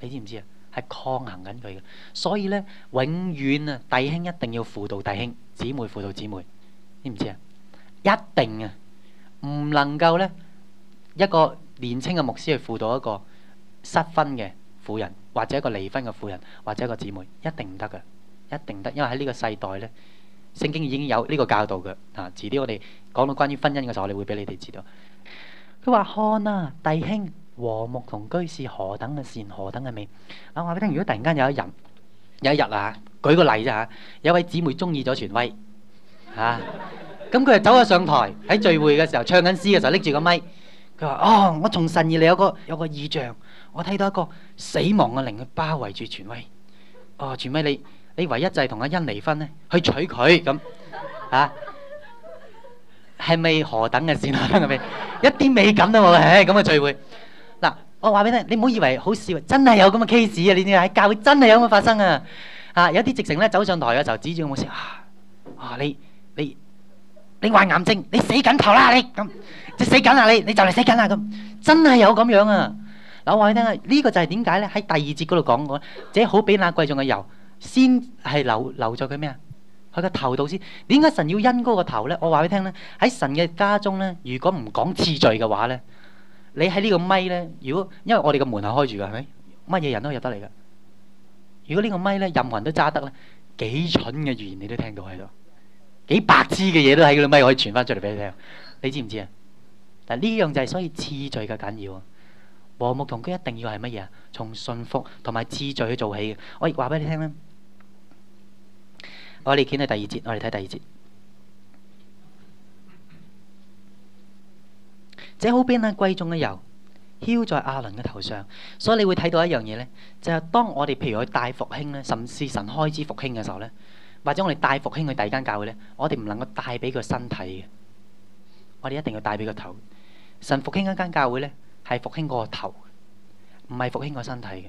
你知唔知啊？係抗衡緊佢，所以咧，永遠啊，弟兄一定要輔導弟兄，姊妹輔導姊妹。知唔知啊？一定啊，唔能夠咧，一個年輕嘅牧師去輔導一個失婚嘅婦人，或者一個離婚嘅婦人，或者一個姊妹，一定唔得嘅，一定唔得，因為喺呢個世代咧，聖經已經有呢個教導嘅啊。遲啲我哋講到關於婚姻嘅時候，我哋會俾你哋知道。佢話：看啊，弟兄和睦同居是何等嘅善，何等嘅美啊！我話俾你聽，如果突然間有一人有一日啊，舉個例啫吓，有一位姊妹中意咗傳威。啊！咁佢又走咗上台，喺聚會嘅時候唱緊詩嘅時候拎住個咪，佢話：哦，我從神而嚟有個有個異象，我睇到一個死亡嘅靈去包圍住傳偉。哦，傳偉你你唯一就係同阿欣離婚咧，去娶佢咁啊？係咪何等嘅事啊？後尾一啲美感都冇嘅，咁嘅聚會。嗱，我話俾你聽，你唔好以為好笑，真係有咁嘅 case 啊！你知喺教會真係有咁嘅發生啊！啊，有啲直情咧走上台嘅時候指住我先啊啊你！你患癌症，你死緊頭啦！你咁，你死緊啦！你你就嚟死緊啦！咁真係有咁樣啊！我話你聽啊，呢個就係點解咧？喺第二節嗰度講過，這好比那貴重嘅油，先係留留咗佢咩啊？佢個頭度先。點解神要恩嗰個頭咧？我話畀你聽咧，喺神嘅家中咧，如果唔講次序嘅話咧，你喺呢個咪咧，如果因為我哋嘅門口開住嘅，係咪乜嘢人都入得嚟嘅？如果呢個咪咧任何人都揸得咧，幾蠢嘅語言你都聽到喺度。幾百支嘅嘢都喺嗰度，咪可以傳翻出嚟俾你聽。你知唔知啊？但呢樣就係所以次序嘅緊要。和睦同居一定要係乜嘢啊？從信服同埋次序去做起嘅。我亦話俾你聽咧。我哋見到第二節，我哋睇第二節。這好比那貴重嘅油，澆在亞倫嘅頭上。所以你會睇到一樣嘢咧，就係當我哋譬如去大復興咧，甚至神開始復興嘅時候咧。或者我哋帶復興去第二間教會咧，我哋唔能夠帶俾佢身體嘅，我哋一定要帶俾佢頭。神復興一間教會咧，係復興個頭，唔係復興個身體嘅。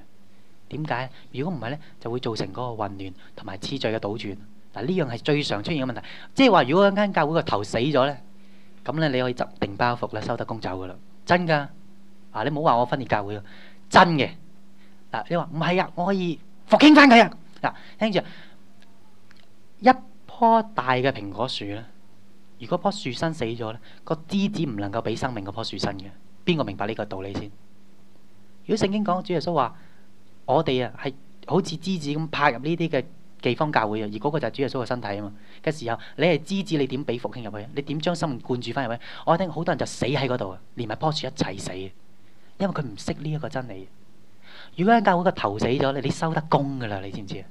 點解？如果唔係咧，就會造成嗰個混亂同埋次序嘅倒轉。嗱，呢樣係最常出現嘅問題。即係話，如果一間教會個頭死咗咧，咁咧你可以執定包袱啦，收得工走噶啦。真噶，嗱，你唔好話我分裂教會啊，真嘅。嗱，你話唔係啊，我可以復興翻佢啊。嗱，聽住。一棵大嘅蘋果樹咧，如果樖樹身死咗咧，個枝子唔能夠俾生命嗰棵樹身嘅，邊個明白呢個道理先？如果聖經講主耶穌話，我哋啊係好似枝子咁拍入呢啲嘅地方教會啊，而嗰個就係主耶穌嘅身體啊嘛。嘅時候，你係枝子，你點俾復興入去？你點將生命灌注翻入去？我聽好多人就死喺嗰度啊，連埋樖樹一齊死，因為佢唔識呢一個真理。如果喺教會個頭死咗，你你收得工噶啦，你知唔知？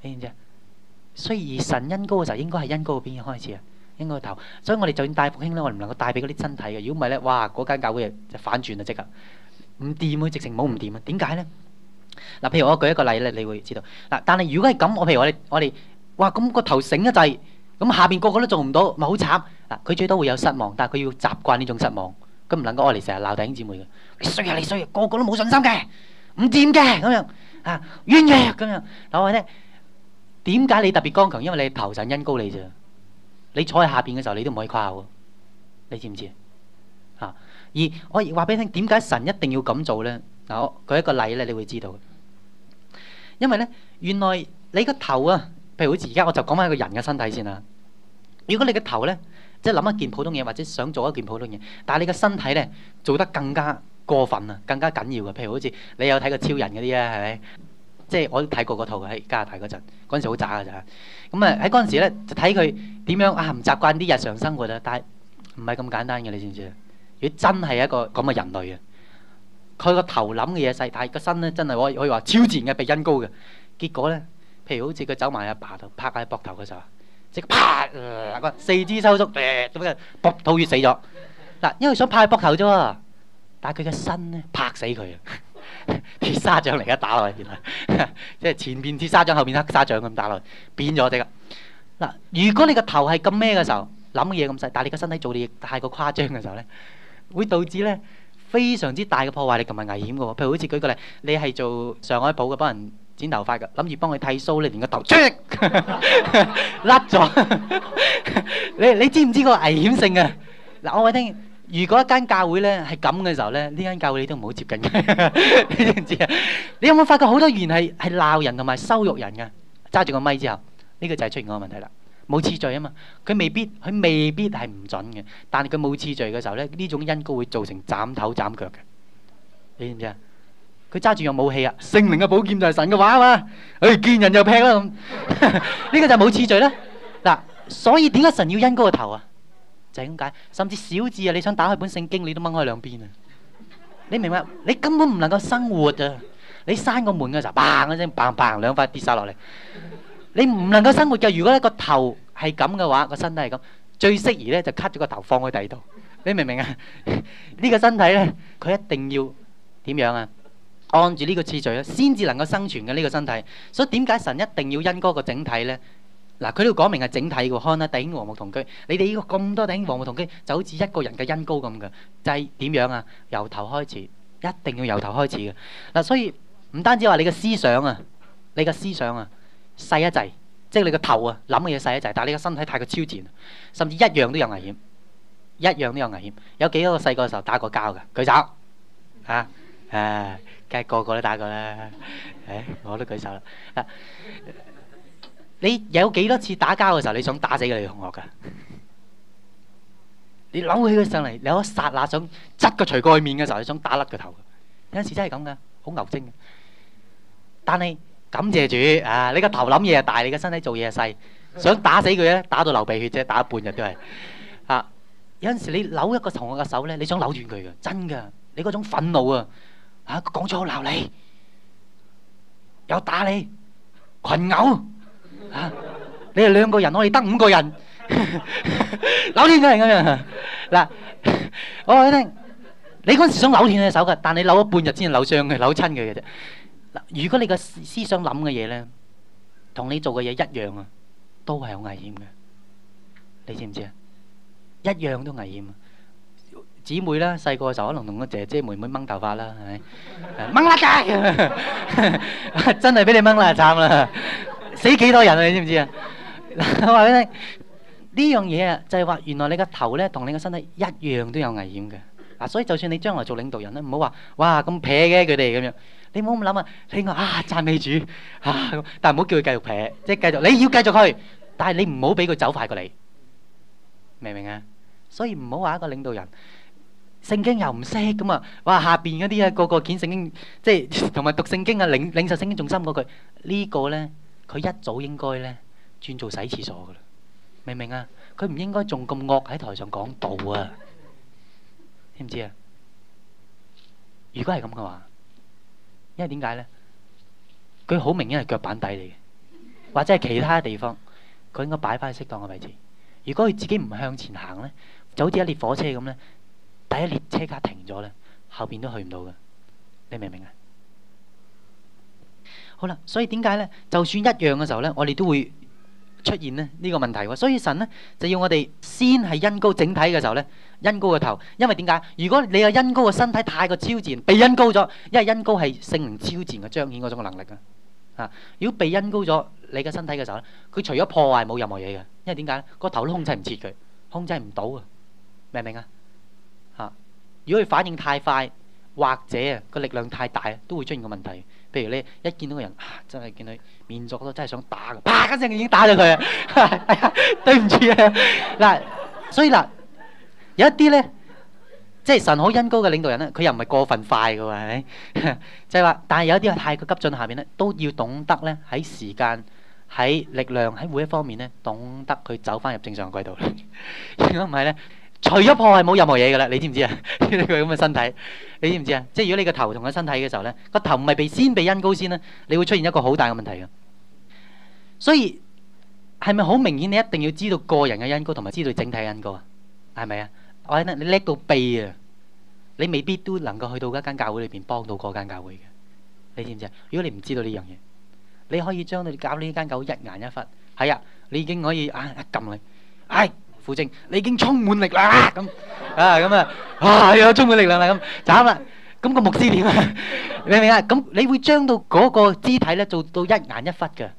你知唔知？所以而神恩膏嘅時候，應該係恩膏嗰邊開始啊，應該個頭。所以我哋就算帶復興咧，我哋唔能夠帶俾嗰啲身體嘅。如果唔係咧，哇，嗰間教會就反轉啊，即係，唔掂啊，直情冇唔掂啊。點解咧？嗱，譬如我舉一個例咧，你會知道。嗱，但係如果係咁，我譬如我哋，我哋，哇，咁個頭醒得滯，咁下邊個個都做唔到，咪好慘。嗱，佢最多會有失望，但係佢要習慣呢種失望。咁唔能夠愛嚟成日鬧弟兄姊妹嘅，你衰啊，你衰啊，個個都冇信心嘅，唔掂嘅，咁樣啊，怨嘅，咁樣，我話咧。點解你特別剛強？因為你係頭神恩膏你咋？你坐喺下邊嘅時候，你都唔可以誇口。你知唔知？嚇！而我話俾你聽，點解神一定要咁做呢？嗱，我舉一個例咧，你會知道。因為呢，原來你個頭啊，譬如好似而家，我就講翻一個人嘅身體先啦。如果你個頭呢，即係諗一件普通嘢，或者想做一件普通嘢，但係你個身體呢做得更加過分啊，更加緊要嘅。譬如好似你有睇過超人嗰啲啊，係咪？即係我都睇過嗰套喺加拿大嗰陣，嗰陣時好渣㗎咋。咁啊喺嗰陣時咧就睇佢點樣啊唔習慣啲日常生活啦。但係唔係咁簡單嘅，你知唔知啊？如果真係一個咁嘅人類呀，佢個頭諗嘅嘢細，但係個身咧真係可可以話超自然嘅比人高嘅。結果咧，譬如好似佢走埋阿爸度拍下膊頭嘅時候，即刻啪個四肢收縮，誒做乜嘢？噉，肚血死咗。嗱，因為想拍下膊頭啫喎，但係佢嘅身咧拍死佢啊！鐵砂掌嚟㗎打落去。原來即係前邊鐵砂掌，後邊黑砂掌咁打落去，扁咗哋啫。嗱，如果你個頭係咁咩嘅時候，諗嘅嘢咁細，但係你個身體做嘅嘢太過誇張嘅時候咧，會導致咧非常之大嘅破壞力同埋危險嘅喎。譬如好似舉個例，你係做上海舖嘅幫人剪頭髮嘅，諗住幫佢剃鬚，你連個頭捽甩咗。你你知唔知個危險性啊？嗱，我喺聽。如果一間教會咧係咁嘅時候咧，呢間教會你都唔好接近嘅，你知唔知啊？你有冇發覺好多員係係鬧人同埋羞辱人嘅？揸住個咪之後，呢個就係出現個問題啦。冇次序啊嘛，佢未必佢未必係唔準嘅，但係佢冇次序嘅時候咧，呢種恩膏會造成斬頭斬腳嘅，你知唔知啊？佢揸住用武器啊，聖靈嘅寶劍就係神嘅話啊嘛，唉見人就劈啦咁，呢個就冇次序啦。嗱，所以點解神要恩膏個頭啊？就係咁解，甚至小字啊！你想打開本聖經，你都掹開兩邊啊！你明白？你根本唔能夠生活啊！你閂個門嘅時候，bang 一聲，bang bang 兩塊跌晒落嚟，你唔能夠生活嘅。如果一個頭係咁嘅話，個身體係咁，最適宜咧就 cut 咗個頭放喺第二度。你明唔明啊？呢個身體咧，佢一定要點樣啊？按住呢個次序咧，先至能夠生存嘅呢個身體。所以點解神一定要恩膏個整體咧？嗱，佢呢度講明係整體嘅喎，睇下弟兄和睦同居。你哋呢個咁多弟兄和睦同居，就好似一個人嘅恩膏咁嘅。就係、是、點樣啊？由頭開始，一定要由頭開始嘅。嗱，所以唔單止話你嘅思想啊，你嘅思想啊細一滯，即係你個頭啊諗嘅嘢細一滯，但係你個身體太過超前，甚至一樣都有危險，一樣都有危險。有幾多個細個時候打過交嘅？舉手吓？誒、啊，梗、啊、係個個都打過啦。誒、哎，我都舉手啦。啊你有幾多次打交嘅時候，你想打死佢你同學噶？你扭起佢上嚟，有一剎那想捽個錘過佢面嘅時候，你想打甩個頭。有陣時真係咁噶，好牛精。但係感謝主啊！你個頭諗嘢係大，你個身體做嘢係細。想打死佢咧，打到流鼻血啫，打半日都係。啊！有陣時你扭一個同學嘅手咧，你想扭斷佢嘅，真嘅。你嗰種憤怒啊！啊，講粗口鬧你，又打你，群毆。你係兩個人，我哋得五個人，扭斷咗人咁樣。嗱，我話你聽，你嗰陣時想扭斷隻手嘅，但你扭咗半日先扭傷佢，扭親佢嘅啫。嗱，如果你個思想諗嘅嘢咧，同你做嘅嘢一樣啊，都係好危險嘅。你知唔知啊？一樣都危險啊。姊妹啦，細個嘅時候可能同個姐姐、妹妹掹頭髮啦，係咪？掹甩㗎，真係俾你掹啦，慘啦！死幾多人啊？你知唔知啊？嗱，我話俾你聽，呢樣嘢啊，就係話原來你個頭咧，同你個身體一樣都有危險嘅。嗱，所以就算你將來做領導人咧，唔好話哇咁撇嘅佢哋咁樣，你唔好咁諗啊。你話啊讚美主啊，但係唔好叫佢繼續撇，即係繼續你要繼續去，但係你唔好俾佢走快過你，明唔明啊？所以唔好話一個領導人聖經又唔識咁啊。哇，下邊嗰啲啊，個個攣聖經，即係同埋讀聖經啊。領領袖聖經仲深過佢呢個咧。佢一早應該咧轉做洗廁所噶啦，明唔明啊？佢唔應該仲咁惡喺台上講道啊？知唔知啊？如果係咁嘅話，因為點解咧？佢好明顯係腳板底嚟嘅，或者係其他地方，佢應該擺翻去適當嘅位置。如果佢自己唔向前行咧，就好似一列火車咁咧，第一列車卡停咗咧，後邊都去唔到嘅。你明唔明啊？好啦，所以點解咧？就算一樣嘅時候咧，我哋都會出現咧呢個問題喎。所以神咧就要我哋先係恩膏整體嘅時候咧，恩膏個頭。因為點解？如果你個恩膏個身體太過超自然，被恩膏咗，因為恩膏係性能超自然嘅彰顯嗰種嘅能力噶。吓，如果被恩膏咗你嘅身體嘅時候咧，佢除咗破壞冇任何嘢嘅。因為點解咧？個頭都控制唔切佢，控制唔到啊！明唔明啊？吓，如果佢反應太快或者啊個力量太大，都會出現個問題。譬如咧，一見到一個人，真係見到佢面作咗，真係想打佢，啪一聲，已經打咗佢啊！對唔住啊！嗱， [laughs] [laughs] 所以嗱，有一啲咧，即係神好恩膏嘅領導人咧，佢又唔係過分快嘅喎，係咪？ [laughs] 就係話，但係有一啲係太過急進下面，下邊咧都要懂得咧喺時間、喺力量、喺每一方面咧，懂得佢走翻入正常嘅軌道。如果唔係咧？除咗破係冇任何嘢噶啦，你知唔知啊？佢咁嘅身體，你知唔知啊？即係如果你個頭同佢身體嘅時候咧，個頭唔係被先被恩膏先咧，你會出現一個好大嘅問題嘅。所以係咪好明顯？你一定要知道個人嘅恩膏同埋知道整體恩膏啊？係咪啊？或者你叻到痹啊？你未必都能夠去到一間教會裏邊幫到嗰間教會嘅。你知唔知啊？如果你唔知道呢樣嘢，你可以將你搞呢間狗一言一忽，係啊，你已經可以啊一撳佢，哎副精，你已經充滿力量啦，咁啊咁啊，啊有充滿力量啦，咁，就咁啦。咁個牧師點啊？你明唔明啊？咁你會將到嗰個肢體咧做到一眼一忽嘅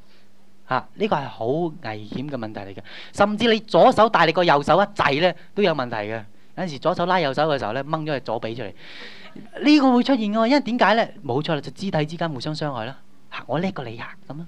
嚇，呢個係好危險嘅問題嚟嘅。甚至你左手大力過右手一滯咧，都有問題嘅。有陣時左手拉右手嘅時候咧，掹咗隻左臂出嚟，呢個會出現嘅。因為點解咧？冇錯啦，就肢體之間互相傷害啦。嚇，我叻過你咁啊。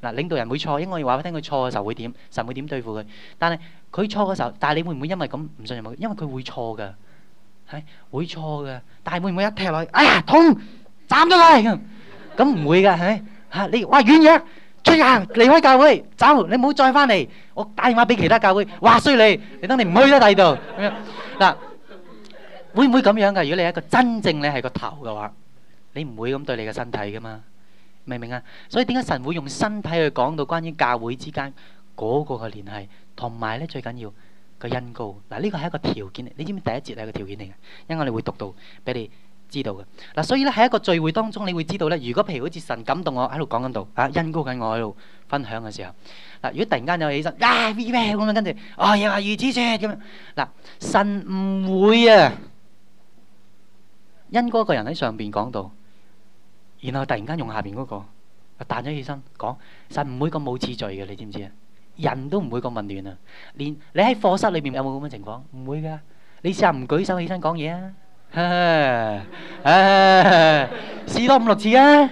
嗱，領導人會錯，應該要話俾聽佢錯嘅時候會點，神會點對付佢。但係佢錯嘅時候，但係你會唔會因為咁唔信任佢？因為佢會錯㗎，係會錯㗎。但係會唔會一踢落去，哎呀痛，斬咗佢？咁唔會㗎，係咪？嚇你，哇軟弱，出行離開教會，走，你唔好再翻嚟。我打電話俾其他教會，話衰你，你等你唔去啦第二度。嗱，會唔會咁樣㗎？如果你係一個真正你係個頭嘅話，你唔會咁對你嘅身體㗎嘛。明唔明啊？所以點解神會用身體去講到關於教會之間嗰個嘅聯繫，同埋咧，最緊要個恩膏。嗱，呢個係一個條件嚟，你知唔知第一節係個條件嚟嘅？因為我哋會讀到俾你知道嘅。嗱，所以咧，喺一個聚會當中你會知道咧，如果譬如好似神感動我喺度講緊度啊，恩膏緊我喺度分享嘅時候嗱，如果突然間有起身啊咩咁樣跟住哦，又係如此說咁樣嗱，神唔會啊，恩膏個人喺上邊講到。然後突然間用下邊嗰、那個彈咗起身講神唔會咁冇次序嘅，你知唔知啊？人都唔會咁混亂啊！連你喺課室裏邊有冇咁嘅情況？唔會噶，你試下唔舉手起身講嘢啊！試 [laughs] [laughs] 多五六次啊！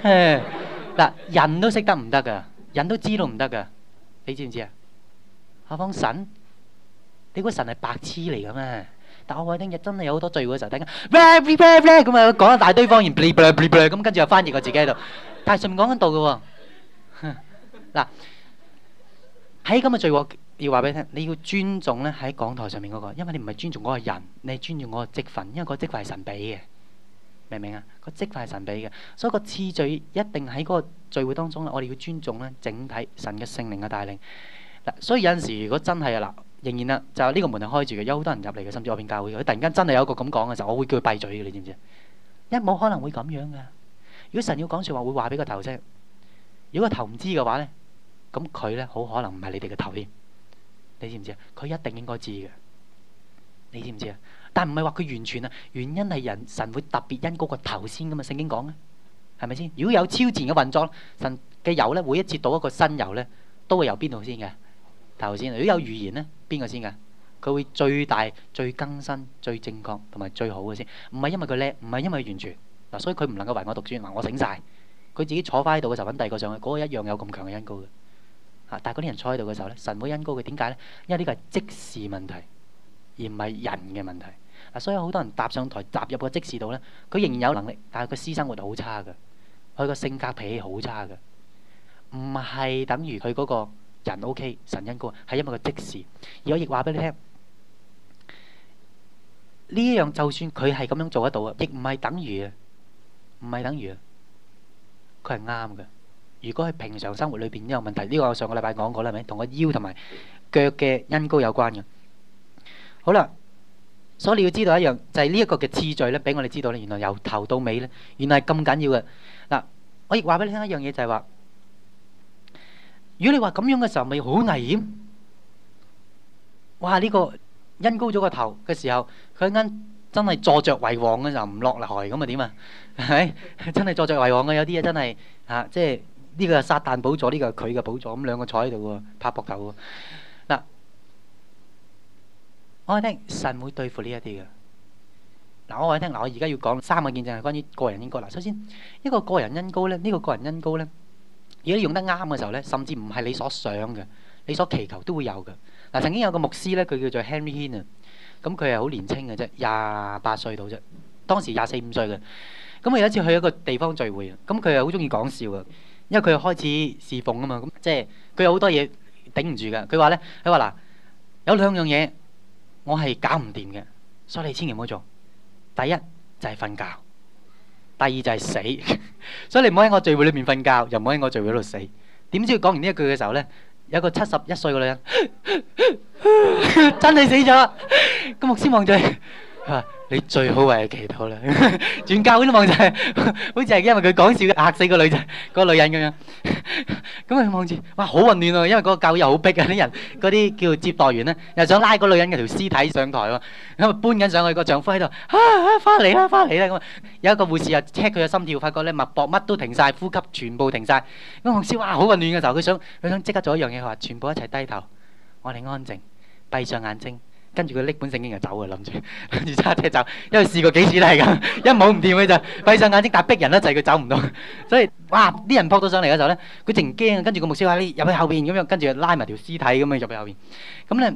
嗱， [laughs] 人都識得唔得噶，人都知道唔得噶，你知唔知啊？啊，幫神，你估神係白痴嚟嘅咩？但我話聽日真係有好多聚會嘅時候，聽咩咩咩咁啊，講一大堆方言，咁跟住又翻譯我自己喺度。但係上面講緊度嘅喎。嗱，喺咁嘅聚會要話俾你聽，你要尊重咧喺講台上面嗰個，因為你唔係尊重嗰個人，你係尊重嗰個職份，因為個職份係神俾嘅，明唔明啊？個職份係神俾嘅，所以個次序一定喺嗰個聚會當中啦。我哋要尊重咧整體神嘅聖靈嘅帶領。嗱，所以有陣時如果真係啊嗱。仍然啦，就呢個門係開住嘅，有好多人入嚟嘅，甚至外邊教會嘅。佢突然間真係有一個咁講嘅時候，我會叫佢閉嘴嘅。你知唔知？一冇可能會咁樣嘅。如果神要講説話，會話俾個頭先。如果個頭唔知嘅話咧，咁佢咧好可能唔係你哋嘅頭添。你知唔知啊？佢一定應該知嘅。你知唔知啊？但唔係話佢完全啊。原因係人神會特別因嗰個頭先咁啊。聖經講啊，係咪先？如果有超自然嘅運作，神嘅油咧，每一次到一個新油咧，都會由邊度先嘅頭先。如果有預言咧，邊個先㗎？佢會最大、最更新、最正確同埋最好嘅先，唔係因為佢叻，唔係因為佢完全嗱，所以佢唔能夠為我讀書嗱，我醒晒佢自己坐翻喺度嘅時候揾第二個上去，嗰個一樣有咁強嘅恩膏嘅嚇。但係嗰啲人坐喺度嘅時候咧，神冇恩膏嘅點解咧？因為呢個係即時問題，而唔係人嘅問題嗱。所以好多人搭上台踏入個即時度咧，佢仍然有能力，但係佢私生活好差嘅，佢個性格脾氣好差嘅，唔係等於佢嗰個。人 O K，神恩膏啊，係因為佢即時。而我亦話俾你聽，呢一樣就算佢係咁樣做得到啊，亦唔係等於啊，唔係等於啊，佢係啱嘅。如果係平常生活裏邊都有問題，呢個我上個禮拜講過啦，係咪？同個腰同埋腳嘅恩膏有關嘅。好啦，所以你要知道一樣，就係呢一個嘅次序咧，俾我哋知道咧，原來由頭到尾咧，原來係咁緊要嘅。嗱，我亦話俾你聽一樣嘢，就係話。如果你話咁樣嘅時候咪好危險，哇！呢個恩膏咗個頭嘅時候，佢啱真係坐著為王嘅時候唔落嚟咁啊點啊？係咪真係坐著為王嘅有啲嘢真係嚇？即係呢個撒但寶座，呢個佢嘅寶座咁兩個坐喺度喎，拍膊頭喎。嗱，我話聽神會對付呢一啲嘅。嗱，我話聽嗱，我而家要講三個見證係關於個人恩膏。嗱，首先一個個人恩膏咧，呢個個人恩膏咧。如果你用得啱嘅時候咧，甚至唔係你所想嘅，你所祈求都會有嘅。嗱，曾經有個牧師咧，佢叫做 Henry Hinn 啊，咁佢係好年輕嘅啫，廿八歲到啫，當時廿四五歲嘅。咁佢有一次去一個地方聚會，咁佢係好中意講笑嘅，因為佢開始侍奉啊嘛，咁即係佢有好多嘢頂唔住嘅。佢話咧，佢話嗱，有兩樣嘢我係搞唔掂嘅，所以你千祈唔好做。第一就係瞓覺。第二就係死， [laughs] 所以你唔好喺我聚會裏面瞓覺，又唔好喺我聚會嗰度死。點知佢講完呢一句嘅時候呢，有一個七十一歲嘅女人 [laughs] [laughs] 真係死咗，個牧師望住。 [laughs] [laughs] 你最好係祈禱啦，轉教會都望住，好似係因為佢講笑嚇死個女仔，個女人咁樣，咁佢望住，哇好混亂喎，因為嗰個教會又好逼啊，啲人嗰啲叫接待員咧又想拉個女人嘅條屍體上台喎，咁啊搬緊上去，個丈夫喺度，啊翻嚟啦，翻嚟啦咁啊，有一個護士又 check 佢嘅心跳，發覺咧脈搏乜都停曬，呼吸全部停曬，咁護士哇好混亂嘅時候，佢想佢想即刻做一樣嘢，佢話全部一齊低頭，我哋安靜，閉上眼睛。跟住佢拎本聖經就走啊，諗住跟住揸車走，因為試過幾次都係咁，一冇唔掂佢就閉上眼睛，但逼人就係佢走唔到，所以哇啲人撲到上嚟嘅時候咧，佢勁驚，跟住個牧師喺入去後邊咁樣，跟住拉埋條屍體咁啊入去後邊，咁咧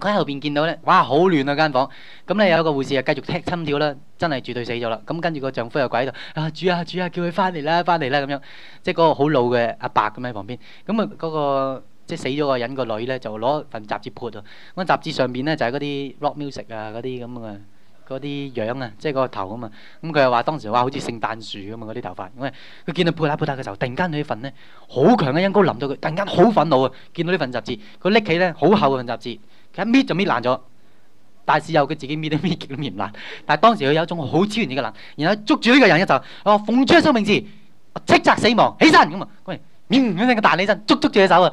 佢喺後邊見到咧，哇好亂啊間房！咁咧有一個護士啊繼續踢心跳啦，真係絕對死咗啦！咁跟住個丈夫又鬼喺度啊，主啊主啊，叫佢翻嚟啦翻嚟啦咁樣，即係嗰個好老嘅阿伯咁喺旁邊，咁啊嗰個。即死咗個人個女咧，就攞份雜誌潑啊！嗰份雜誌上邊咧就係嗰啲 rock music 啊，嗰啲咁嘅嗰啲樣啊，即係個頭啊嘛。咁佢又話當時話好似聖誕樹咁啊！嗰啲頭髮，因為佢見到潑下潑下嘅時候，突然間佢份咧好強嘅音高淋到佢，突然間好憤怒啊！見到呢份雜誌，佢拎起咧好厚嘅份雜誌，佢一搣就搣爛咗。但是事後佢自己搣都搣極都唔爛。但係當時佢有一種好超然嘅冷，然後捉住呢個人一就，我奉出生命字，斥責死亡，起身咁啊！嗰陣，嗯，嗰起身，捉捉住隻手啊！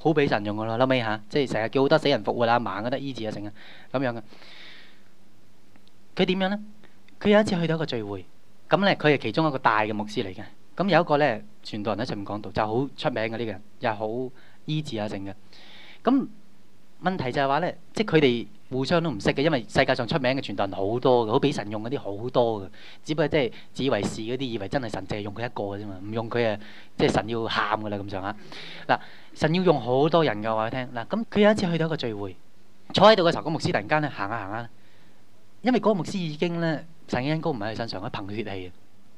好俾神用噶咯，後尾吓，即係成日叫好多死人復活啦，盲得啲醫治啊成啊，咁樣嘅，佢點樣咧？佢有一次去到一個聚會，咁咧佢係其中一個大嘅牧師嚟嘅。咁有一個咧，傳道人喺上面講道，就好出名嘅呢個人，又係好醫治啊成嘅。咁問題就係話咧，即係佢哋。互相都唔識嘅，因為世界上出名嘅傳道人好多嘅，好俾神用嗰啲好多嘅，只不過即係自以為是嗰啲，以為真係神淨係用佢一個嘅啫嘛，唔用佢啊，即係神要喊㗎喇咁上下。嗱，神要用好多人嘅話，佢聽嗱，咁佢有一次去到一個聚會，坐喺度嘅時候，嗰牧師突然間咧行下行下，因為嗰個牧師已經咧神恩膏唔喺佢身上咧，憑血氣啊，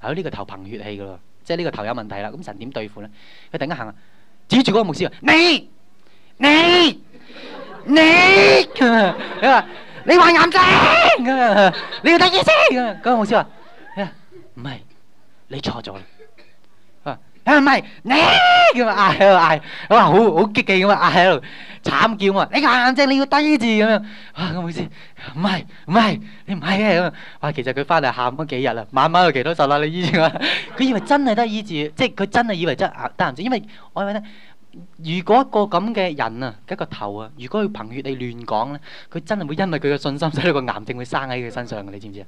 係咯，呢個頭憑血氣嘅喇，即係呢個頭有問題啦，咁神點對付咧？佢突然間行下，指住嗰個牧師話：你，你。你，你話你話眼睛，你要得醫治。咁啊，護士話：呀，唔係，你錯咗啦。啊，啊唔係你，佢話嗌喺度嗌，佢話好好激氣咁啊嗌喺度，慘叫我話：你個眼睛你要得醫治咁樣。啊，個護士唔係唔係，你唔係嘅咁啊。啊，其實佢翻嚟喊咗幾日啦，晚晚都其他就啦，你醫啊。佢以為真係得醫治，即係佢真係以為真係眼得唔住，因為我以為咧。如果一個咁嘅人啊，一個頭啊，如果佢憑血地亂講咧，佢真係會因為佢嘅信心，使到個癌症會生喺佢身上嘅，你知唔知啊？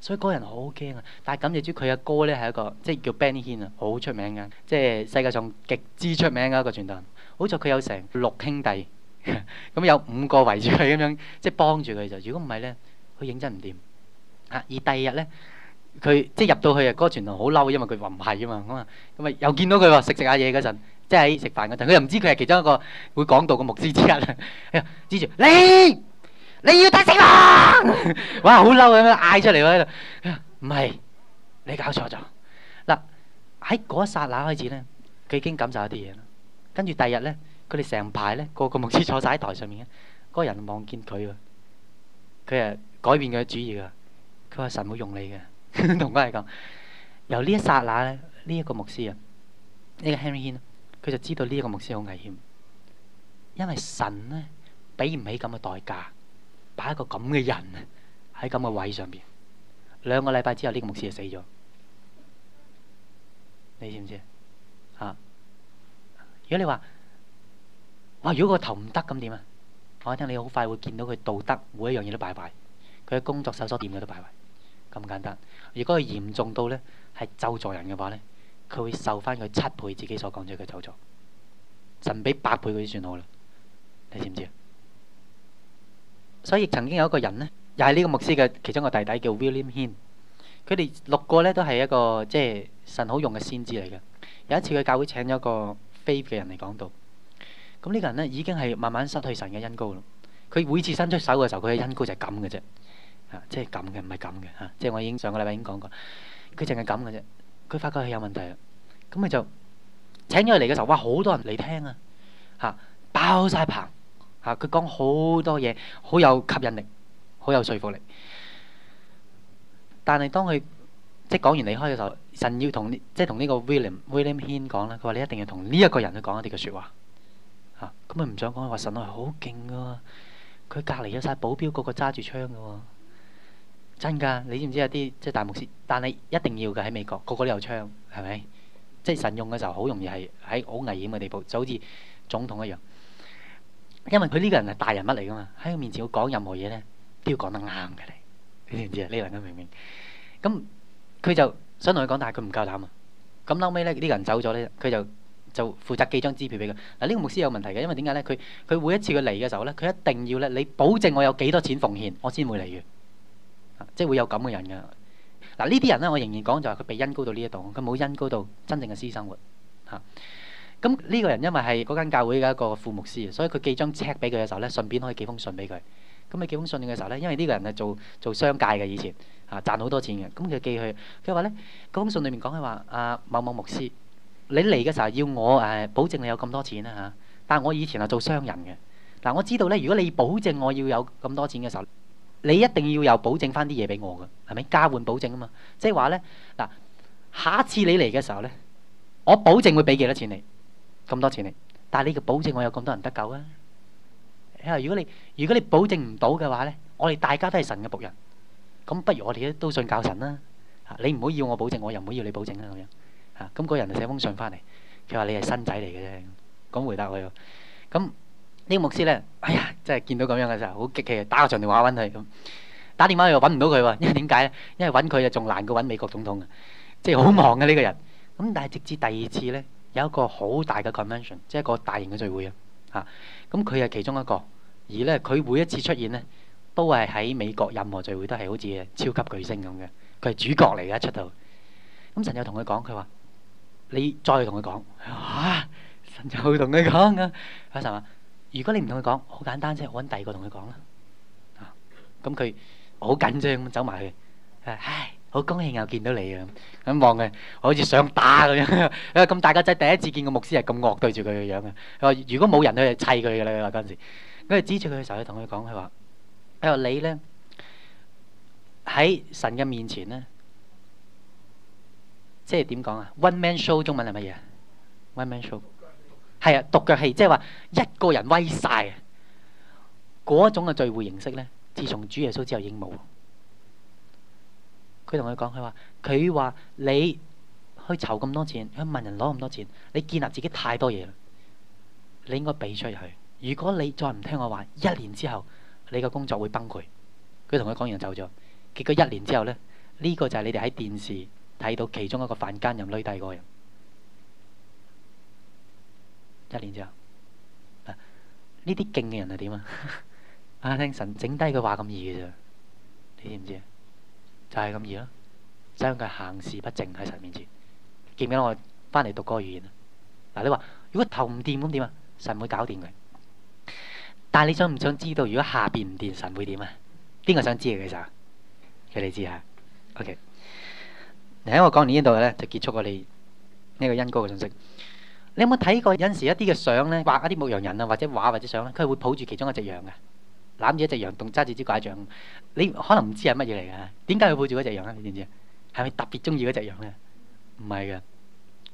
所以嗰個人好驚啊。但係感謝主，佢阿哥咧係一個即係叫 Benny Hinn 啊，好出名嘅，即係世界上極之出名嘅一個傳道人。好在佢有成六兄弟，咁 [laughs] 有五個圍住佢咁樣，即係幫住佢就。如果唔係咧，佢認真唔掂吓。而第二日咧，佢即係入到去啊，嗰、嗰個傳道好嬲，因為佢話唔係啊嘛，咁啊咁啊，又見到佢話食食下嘢嗰陣。吃吃即係喺食飯嗰陣，佢又唔知佢係其中一個會講道嘅牧師之一啦。指住你，你要得死我！哇，好嬲咁樣嗌出嚟喎喺度。唔係你搞錯咗嗱。喺嗰一剎那開始咧，佢已經感受一啲嘢啦。跟住第二日咧，佢哋成排咧個個牧師坐曬喺台上面嘅，嗰個人望見佢喎，佢誒改變佢嘅主意㗎。佢話神會用你嘅，同佢係咁講。由呢一剎那咧，呢一個牧師啊，呢個 Henry Hinn。佢就知道呢一個牧師好危險，因為神呢，俾唔起咁嘅代價，擺一個咁嘅人喺咁嘅位上邊。兩個禮拜之後，呢個牧師就死咗。你知唔知啊？如果你話哇，如果個頭唔得咁點啊？我一聽你好快會見到佢道德每一樣嘢都敗壞，佢嘅工作擺擺、手手點嘅都敗壞，咁簡單。如果佢嚴重到呢，係咒助人嘅話呢。佢會受翻佢七倍自己所講咗嘅咒詛，神俾八倍嗰啲算好啦。你知唔知啊？所以曾經有一個人咧，又係呢個牧師嘅其中一個弟弟叫 William Hinn，佢哋六個咧都係一個即係神好用嘅先知嚟嘅。有一次佢教會請咗一個非嘅人嚟講道，咁呢個人咧已經係慢慢失去神嘅恩膏咯。佢每次伸出手嘅時候，佢嘅恩膏就係咁嘅啫，啊，即係咁嘅，唔係咁嘅嚇。即係我已經上個禮拜已經講過，佢淨係咁嘅啫。佢發覺佢有問題啦，咁佢就請咗佢嚟嘅時候，哇！好多人嚟聽啊，嚇、啊、爆曬棚嚇，佢講好多嘢，好、啊、有吸引力，好有說服力。但係當佢即係講完離開嘅時候，神要同即係同呢個 William William Hinn 講啦，佢話你一定要同呢一個人去講一啲嘅説話。嚇、啊，咁佢唔想講，佢話神係好勁嘅，佢隔離有晒保鏢，個個揸住槍嘅、啊真㗎，你知唔知有啲即係大牧師？但係一定要嘅喺美國，個個都有槍，係咪？即係神用嘅時候，好容易係喺好危險嘅地步，就好似總統一樣。因為佢呢個人係大人物嚟㗎嘛，喺佢面前要講任何嘢咧，都要講得啱嘅嚟。你知唔知啊？呢個人明唔明？咁佢就想同佢講，但係佢唔夠膽啊。咁後尾咧，呢個人走咗咧，佢就就負責寄張支票俾佢嗱。呢個牧師有問題嘅，因為點解咧？佢佢每一次佢嚟嘅時候咧，佢一定要咧，你保證我有幾多錢奉獻，我先會嚟嘅。啊，即係會有咁嘅人嘅。嗱，呢啲人咧，我仍然講就係佢被恩膏到呢一度，佢冇恩膏到真正嘅私生活。嚇，咁呢個人因為係嗰間教會嘅一個副牧師，所以佢寄張 check 俾佢嘅時候咧，順便可以寄封信俾佢。咁你寄封信嘅時候咧，因為呢個人係做做商界嘅，以前嚇，賺好多錢嘅，咁佢寄去，佢話咧嗰封信裡面講係話啊某某牧師，你嚟嘅時候要我誒保證你有咁多錢啦嚇，但係我以前係做商人嘅，嗱我知道咧，如果你保證我要有咁多錢嘅時候。你一定要有保證翻啲嘢俾我嘅，係咪交換保證啊嘛？即係話咧，嗱，下一次你嚟嘅時候咧，我保證會俾幾多錢你？咁多錢你？但係你嘅保證，我有咁多人得救啊！因為如果你如果你保證唔到嘅話咧，我哋大家都係神嘅僕人，咁不如我哋咧都信教神啦。嚇你唔好要我保證，我又唔好要你保證啦。咁樣嚇，咁嗰人就寫封信翻嚟，佢話你係新仔嚟嘅啫，咁回答佢。咁。呢個牧師咧，哎呀，真係見到咁樣嘅時候，好激氣呀，打個長電話揾佢咁，打電話又揾唔到佢喎，因為點解咧？因為揾佢啊，仲難過揾美國總統啊，即係好忙嘅呢個人。咁但係直至第二次咧，有一個好大嘅 convention，即係一個大型嘅聚會啊，嚇！咁佢係其中一個，而咧佢每一次出現咧，都係喺美國任何聚會都係好似超級巨星咁嘅，佢係主角嚟嘅一出到。咁神又同佢講，佢話：你再同佢講嚇，神就同佢講㗎，阿神啊！啊神如果你唔同佢講，好簡單啫，我揾第二個同佢講啦。啊，咁佢好緊張咁走埋去，佢話：唉，好高興又見到你啊！咁望佢，好似想打咁樣。誒，咁大個仔第一次見個牧師係咁惡對住佢嘅樣啊！佢話：如果冇人，佢就砌佢嘅啦。嗰陣時，跟住指住佢嘅時候，佢同佢講：佢話，佢話你咧喺神嘅面前咧，即係點講啊？One man show 中文係乜嘢啊？One man show。係啊，獨腳戲即係話一個人威晒啊！嗰種嘅聚會形式呢，自從主耶穌之後已經冇。佢同佢講，佢話：佢話你去籌咁多錢，去問人攞咁多錢，你建立自己太多嘢啦，你應該俾出去。如果你再唔聽我話，一年之後你嘅工作會崩潰。佢同佢講完就走咗，結果一年之後呢，呢、呢個就係你哋喺電視睇到其中一個犯奸淫，女帝嗰人。一年之後，啊，呢啲勁嘅人係點啊？阿聽神整低佢話咁易嘅咋？你知唔知？就係咁易咯，將佢行事不正喺神面前。記唔記得我翻嚟讀嗰個語言啊？嗱，你話如果頭唔掂咁點啊？神會搞掂佢。但係你想唔想知道，如果下邊唔掂，神會點啊？邊個想知啊？佢就佢哋知啊。OK，你喺我講完呢度咧，就結束我哋呢個恩膏嘅信息。你有冇睇過有陣時一啲嘅相咧，畫一啲牧羊人啊，或者畫或者相咧，佢會抱住其中一隻羊嘅，攬住一隻羊，同揸住支枴杖。你可能唔知係乜嘢嚟嘅，點解佢抱住嗰隻羊咧？你知唔知？係咪特別中意嗰隻羊咧？唔係嘅。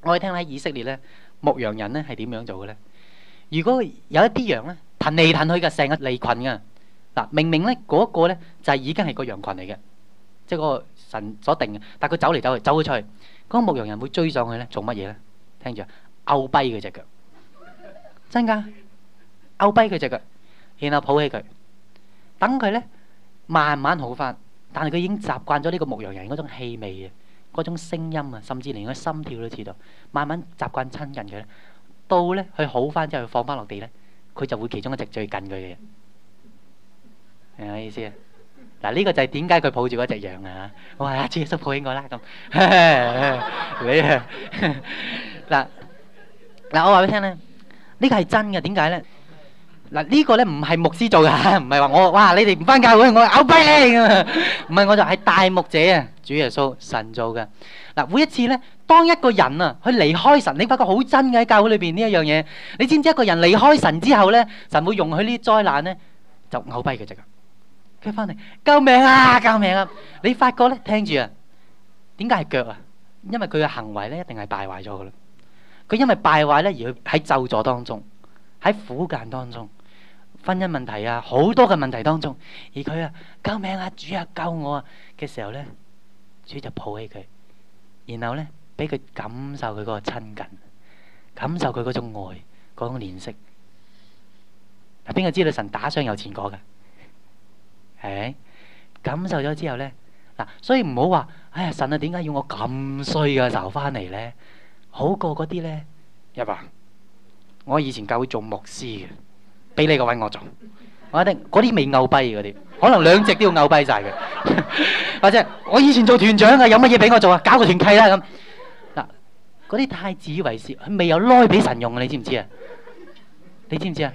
我哋聽下喺以色列咧，牧羊人咧係點樣做嘅咧？如果有一啲羊咧騰嚟騰去嘅，成個離羣嘅，嗱明明咧嗰一個咧就係已經係個羊羣嚟嘅，即係個神所定嘅。但係佢走嚟走去走咗出去，嗰個牧羊人會追上去咧做乜嘢咧？聽住啊！拗跛佢隻腳，真噶拗跛佢隻腳，然後抱起佢，等佢咧慢慢好翻。但係佢已經習慣咗呢個牧羊人嗰種氣味啊，嗰種聲音啊，甚至連佢心跳都知道。慢慢習慣親近佢咧，到咧佢好翻之後放翻落地咧，佢就會其中一隻最近佢嘅。明我意思啊？嗱呢個就係點解佢抱住嗰隻羊啊？我話阿朱，所婆應該拉咁，你啊嗱。嗱，我話俾你聽咧，呢個係真嘅，點解咧？嗱，呢個咧唔係牧師做噶，唔係話我，哇，你哋唔翻教會，我拗跛你咁啊！唔係，我就係大牧者啊，主耶穌神做噶。嗱，每一次咧，當一個人啊，佢離開神，你發覺好真嘅喺教會裏邊呢一樣嘢。你知唔知一個人離開神之後咧，神會容許呢啲災難咧，就拗跛佢隻腳，佢翻嚟救命啊，救命啊！你發覺咧，聽住啊，點解係腳啊？因為佢嘅行為咧，一定係敗壞咗噶啦。佢因為敗壞咧，而佢喺咒助當中，喺苦難當中，婚姻問題啊，好多嘅問題當中，而佢啊，救命啊，主啊，救我啊嘅時候咧，主就抱起佢，然後咧俾佢感受佢嗰個親近，感受佢嗰種愛，嗰種憐惜。嗱，邊個知道神打傷有錢過嘅？係感受咗之後咧嗱？所以唔好話哎呀，神啊點解要我咁衰嘅受翻嚟咧？好過嗰啲咧，一吧。我以前教會做牧師嘅，俾你個位我做。我一定嗰啲未拗跛嗰啲，可能兩隻都要拗跛曬嘅。或者我以前做團長啊，有乜嘢俾我做啊？搞個團契啦咁。嗱，嗰啲太自以為是，未有攞俾神用啊！你知唔知啊？你知唔知啊？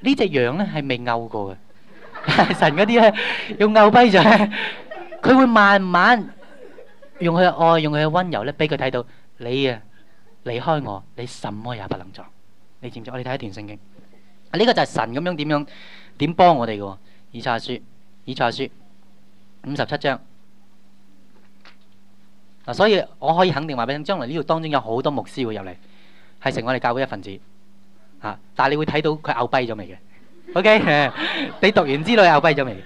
呢隻羊咧係未拗過嘅，神嗰啲咧用拗跛就係佢會慢慢用佢嘅愛、用佢嘅溫柔咧，俾佢睇到你啊！離開我，你什麼也不能做。你知唔知？我哋睇一段聖經，呢、啊，這個就係神咁樣點樣點幫我哋嘅。以賽書，以賽書，五十七章。嗱、啊，所以我可以肯定話俾你聽，將來呢度當中有好多牧師會入嚟，係成為我哋教會一份子。吓、啊，但係你會睇到佢拗逼咗未嘅？OK， [laughs] 你讀完之後拗逼咗未？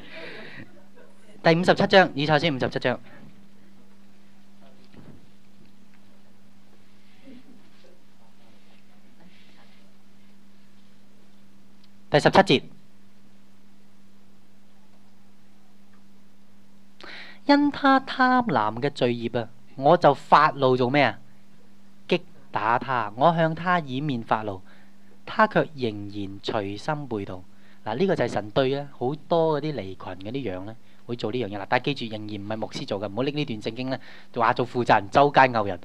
第五十七章，以賽書五十七章。第十七節，因他貪婪嘅罪孽啊，我就發怒做咩啊？擊打他，我向他掩面發怒，他卻仍然隨心背道。嗱，呢個就係神對啊，好多嗰啲離羣嗰啲羊咧，會做呢樣嘢啦。但係記住，仍然唔係牧師做嘅，唔好拎呢段聖經咧，話做負責人周街鬧人。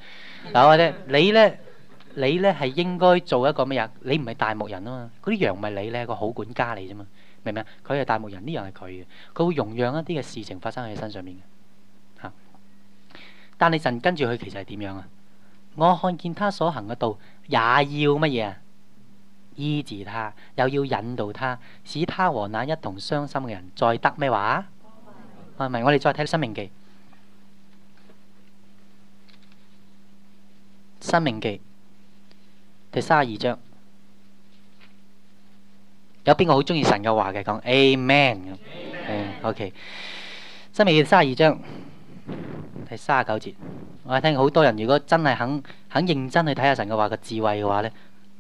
嗱，我哋你咧。你呢係應該做一個乜嘢？你唔係大牧人啊嘛，嗰啲羊唔係你咧，係個好管家嚟啫嘛，明唔明啊？佢係大牧人，呢羊係佢嘅，佢會容讓一啲嘅事情發生喺你身上面嘅嚇。但你陣跟住佢其實係點樣啊？我看見他所行嘅道，也要乜嘢啊？醫治他，又要引導他，使他和那一同傷心嘅人再得咩話？係、啊、咪？我哋再睇《生命記》《生命記》。第三十二章，有邊個好中意神嘅話嘅？講 Amen 咁。誒、uh，OK。申命記三十二章，第三十九節。我係聽好多人，如果真係肯肯認真去睇下神嘅話嘅智慧嘅話呢，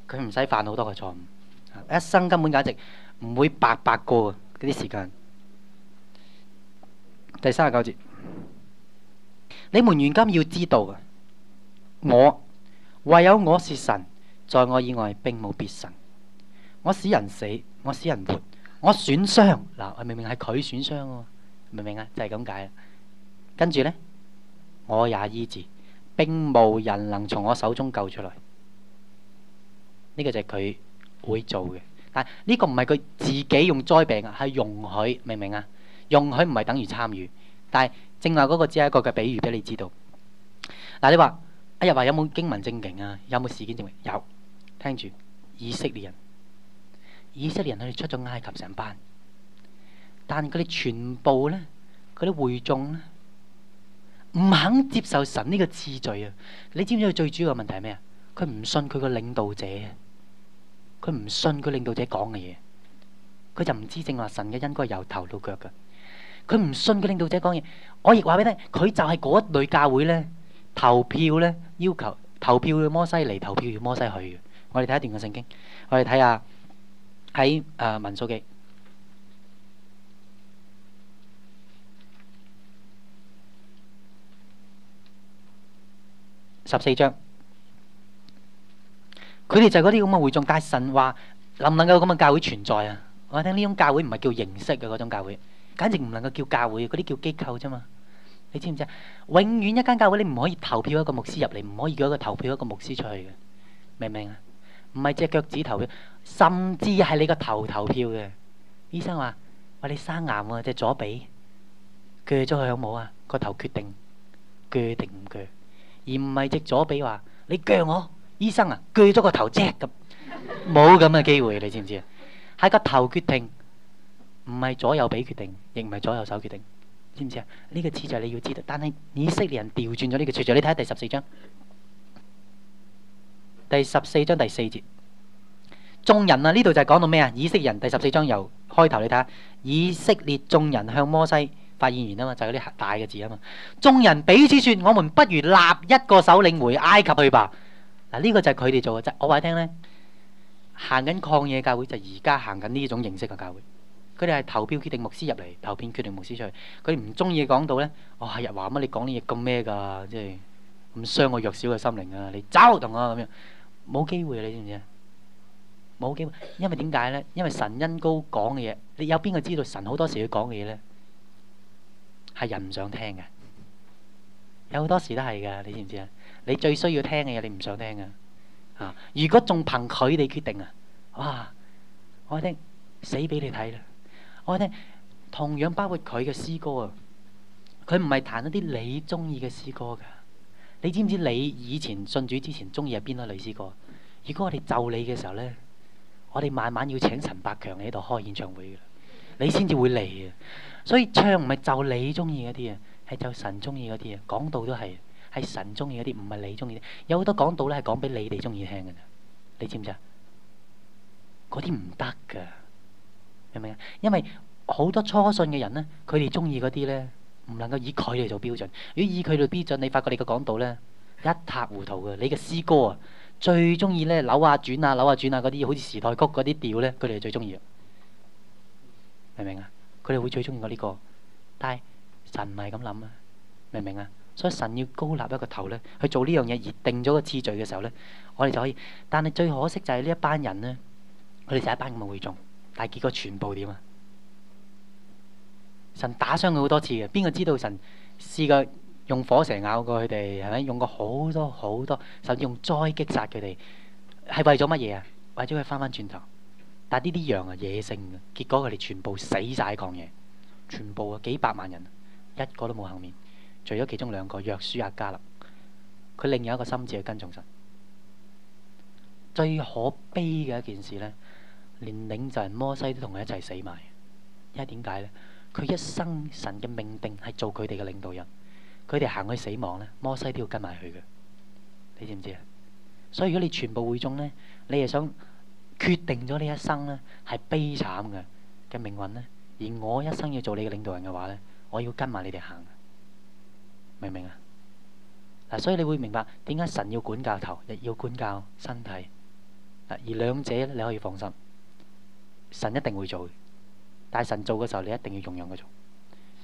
佢唔使犯好多嘅錯誤，一生根本簡直唔會白白過嘅呢啲時間。第三十九節，你們如今要知道嘅，我唯有我是神。在我以外並冇別神，我使人死，我使人活，我損傷嗱，明明係佢損傷喎，明唔明啊？就係咁解。跟住呢，我也醫治，並冇人能從我手中救出來。呢、這個就係佢會做嘅，但呢個唔係佢自己用災病，係容許，明唔明啊？容許唔係等於參與，但係正話嗰個只係一個嘅比喻俾你知道。嗱，你、哎、話，哎呀話有冇經文證明啊？有冇事件證明？有。聽住以色列人，以色列人佢哋出咗埃及成班，但佢哋全部咧，佢啲會眾咧，唔肯接受神呢個次序啊！你知唔知佢最主要嘅問題係咩啊？佢唔信佢個領導者啊！佢唔信佢領導者講嘅嘢，佢就唔知正話神嘅恩膏由頭到腳噶。佢唔信佢領導者講嘢，我亦話俾你聽，佢就係嗰一類教會咧投票，咧要求投票，摩西嚟投票，摩西去嘅。我哋睇下一段嘅聖經，我哋睇下喺誒民數記十四章，佢哋就係嗰啲咁嘅會眾。但係神話能唔能夠有咁嘅教會存在啊？我聽呢種教會唔係叫形式嘅嗰種教會，簡直唔能夠叫教會，嗰啲叫機構啫嘛。你知唔知？永遠一間教會，你唔可以投票一個牧師入嚟，唔可以叫一個投票一個牧師出去嘅，明唔明啊？唔係隻腳趾投票，甚至係你個頭投票嘅。醫生話：「喂，你生癌喎，隻左臂，鋸咗佢好唔好啊？個頭決定鋸定唔鋸，而唔係隻左臂話你鋸我。醫生啊，鋸咗個頭啫，咁冇咁嘅機會，你知唔知啊？係 [laughs] 個頭決定，唔係左右髀決定，亦唔係左右手決定，知唔知啊？呢個次序就你要知道，但係以色列人調轉咗呢個次序，你睇下第十四章。第十四章第四節，眾人啊，呢度就係講到咩啊？以色列人第十四章由開頭你睇下，以色列眾人向摩西發言完啊嘛，就嗰、是、啲大嘅字啊嘛。眾人彼此說：我們不如立一個首領回埃及去吧。嗱，呢個就係佢哋做嘅、就是、我話你聽咧，行緊曠野教會就而家行緊呢一種形式嘅教會。佢哋係投票決定牧師入嚟，投票決定牧師出去。佢哋唔中意講到咧，哇、哦！日華乜你講啲嘢咁咩噶？即係咁傷我弱小嘅心靈啊！你走同我。咁樣。冇機會啊！你知唔知啊？冇機會，因為點解咧？因為神恩膏講嘅嘢，你有邊個知道神好多時佢講嘅嘢咧？係人唔想聽嘅，有好多時都係噶，你知唔知啊？你最需要聽嘅嘢，你唔想聽噶嚇。如果仲憑佢哋決定啊，哇！我聽，死俾你睇啦！我聽，同樣包括佢嘅詩歌啊，佢唔係彈一啲你中意嘅詩歌㗎。你知唔知你以前信主之前中意係邊個類詩歌如果我哋就你嘅時候咧，我哋慢慢要請陳百強喺度開演唱會嘅，你先至會嚟嘅。所以唱唔係就你中意嗰啲啊，係就神中意嗰啲啊。講道都係，係神中意嗰啲，唔係你中意啲。有好多講道咧，係講俾你哋中意聽嘅啫。你知唔知啊？嗰啲唔得噶，明唔明啊？因為好多初信嘅人咧，佢哋中意嗰啲咧。唔能夠以佢嚟做標準。如果以佢做標準，你發覺你嘅講道呢，一塌糊塗嘅。你嘅詩歌啊，最中意呢扭下轉啊扭下轉啊嗰啲，好似時代曲嗰啲調呢，佢哋最中意。明唔明啊？佢哋會最中意我呢個。但係神唔係咁諗啊，明唔明啊？所以神要高立一個頭呢，去做呢樣嘢而定咗個次序嘅時候呢，我哋就可以。但係最可惜就係呢一班人呢，佢哋成一班咁嘅會眾，但係結果全部點啊？神打傷佢好多次嘅，邊個知道神試過用火蛇咬過佢哋係咪？用過好多好多，甚至用災擊殺佢哋，係為咗乜嘢啊？為咗佢返返轉頭，但呢啲羊啊，野性嘅，結果佢哋全部死晒。喺曠野，全部啊幾百萬人一個都冇幸免，除咗其中兩個約書亞、迦勒，佢另有一個心志去跟從神。最可悲嘅一件事呢，連領袖人摩西都同佢一齊死埋，因為點解呢？佢一生神嘅命定係做佢哋嘅領導人，佢哋行去死亡咧，摩西都要跟埋去嘅，你知唔知啊？所以如果你全部會中咧，你係想決定咗你一生咧係悲慘嘅嘅命運咧，而我一生要做你嘅領導人嘅話咧，我要跟埋你哋行，明唔明啊？嗱，所以你會明白點解神要管教頭，亦要管教身體，嗱，而兩者你可以放心，神一定會做。但係神做嘅時候，你一定要用樣嘅做。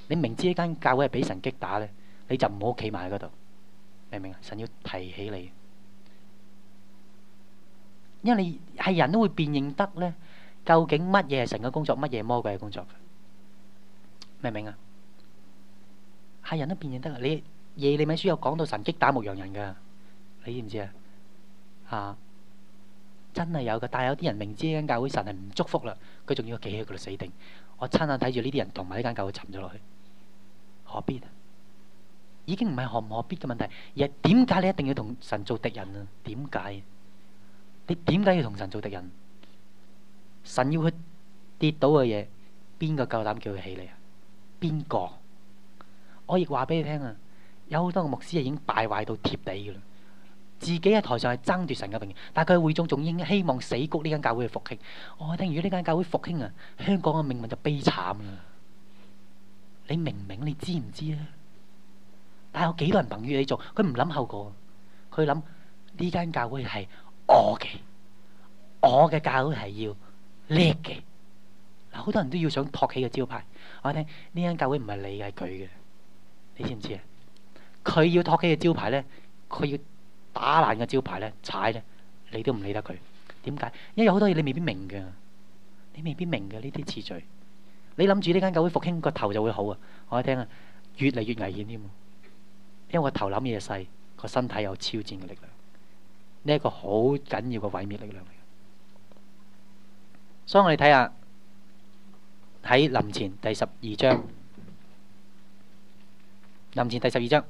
你明知呢間教會係俾神擊打咧，你就唔好企埋喺嗰度，明唔明啊？神要提起你，因為你係人都會辨認得咧，究竟乜嘢係神嘅工作，乜嘢魔鬼嘅工作，明唔明啊？係人都辨認得啊！你耶利米書有講到神擊打牧羊人㗎，你知唔知啊？啊！真係有噶，但係有啲人明知呢間教會神係唔祝福啦，佢仲要企喺嗰度死定。我親眼睇住呢啲人同埋呢間教會沉咗落去，何必？已經唔係何唔何必嘅問題。而係點解你一定要同神做敵人啊？點解？你點解要同神做敵人？神要去跌倒嘅嘢，邊個夠膽叫佢起嚟啊？邊個？我亦話俾你聽啊，有好多個牧師啊已經敗壞到貼地噶啦。自己喺台上係爭奪神嘅名譽，但係佢會眾仲應希望死谷呢間教會去復興。我聽如果呢間教會復興啊，香港嘅命運就悲慘啦！你明唔明？你知唔知啊？但係有幾多人憑住你做？佢唔諗後果，佢諗呢間教會係我嘅，我嘅教會係要叻嘅。嗱，好多人都要想托起個招牌。我聽呢間教會唔係你嘅係佢嘅，你知唔知啊？佢要托起嘅招牌咧，佢要。打爛嘅招牌咧，踩咧，你都唔理得佢。點解？因為有好多嘢，你未必明嘅，你未必明嘅呢啲次序。你諗住呢間教會復興個頭就會好啊？我一聽啊，越嚟越危險添。因為個頭諗嘢細，個身體有超戰嘅力量。呢一個好緊要嘅毀滅力量。所以我哋睇下喺林前第十二章，林前第十二章。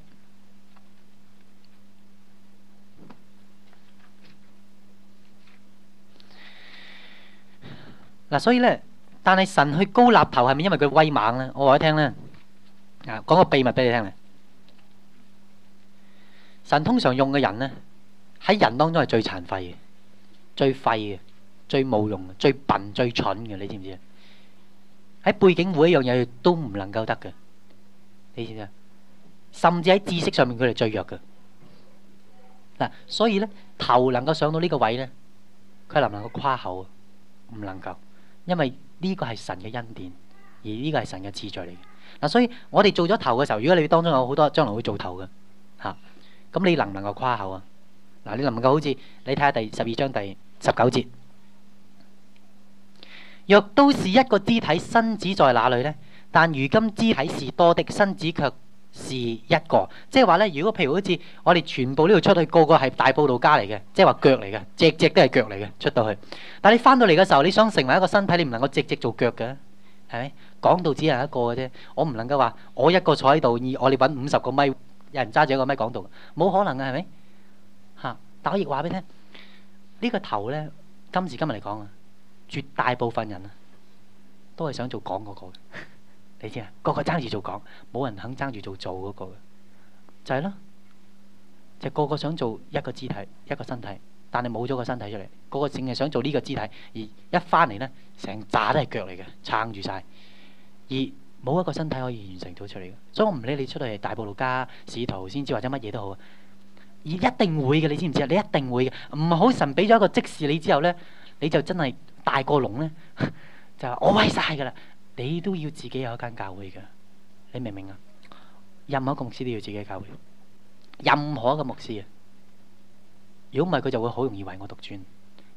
嗱，所以咧，但係神去高立頭係咪因為佢威猛咧？我話你聽咧，啊，講個秘密俾你聽咧。神通常用嘅人咧，喺人當中係最殘廢嘅、最廢嘅、最冇用嘅、最笨、最蠢嘅，你知唔知？喺背景會一樣嘢都唔能夠得嘅，你知唔知啊？甚至喺知識上面佢係最弱嘅。嗱，所以咧，頭能夠上到呢個位咧，佢能唔能夠誇口？唔能夠。因為呢個係神嘅恩典，而呢個係神嘅次序嚟嘅。嗱、啊，所以我哋做咗頭嘅時候，如果你當中有好多將來會做頭嘅，嚇、啊，咁你能唔能夠誇口啊？嗱、啊，你能唔能夠好似你睇下第十二章第十九節，若都是一個肢體，身子在哪裏呢？但如今肢體是多的，身子卻是一個，即係話咧，如果譬如好似我哋全部呢度出去，個個係大報道家嚟嘅，即係話腳嚟嘅，隻隻都係腳嚟嘅，出到去。但係你返到嚟嘅時候，你想成為一個身體，你唔能夠隻隻做腳嘅，係咪？講道只係一個嘅啫，我唔能夠話我一個坐喺度，而我哋搵五十個咪，有人揸住一個咪講道，冇可能嘅，係咪？嚇！但我亦話俾你聽，呢、這個頭咧，今時今日嚟講啊，絕大部分人啊，都係想做講嗰個。你知啊，個個爭住做講，冇人肯爭住做做嗰個嘅，就係、是、咯。就是、個個想做一個肢體，一個身體，但你冇咗個身體出嚟，個個淨係想做呢個肢體，而一翻嚟咧，成扎都係腳嚟嘅，撐住晒，而冇一個身體可以完成到出嚟。所以我唔理你出嚟大布魯家、使徒先至或者乜嘢都好，而一定會嘅，你知唔知啊？你一定會嘅，唔好神俾咗一個即示你之後咧，你就真係大過龍咧， [laughs] 就我威晒噶啦。你都要自己有一間教會嘅，你明唔明啊？任何公司都要自己教會，任何一個牧師啊。如果唔係，佢就會好容易唯我獨尊，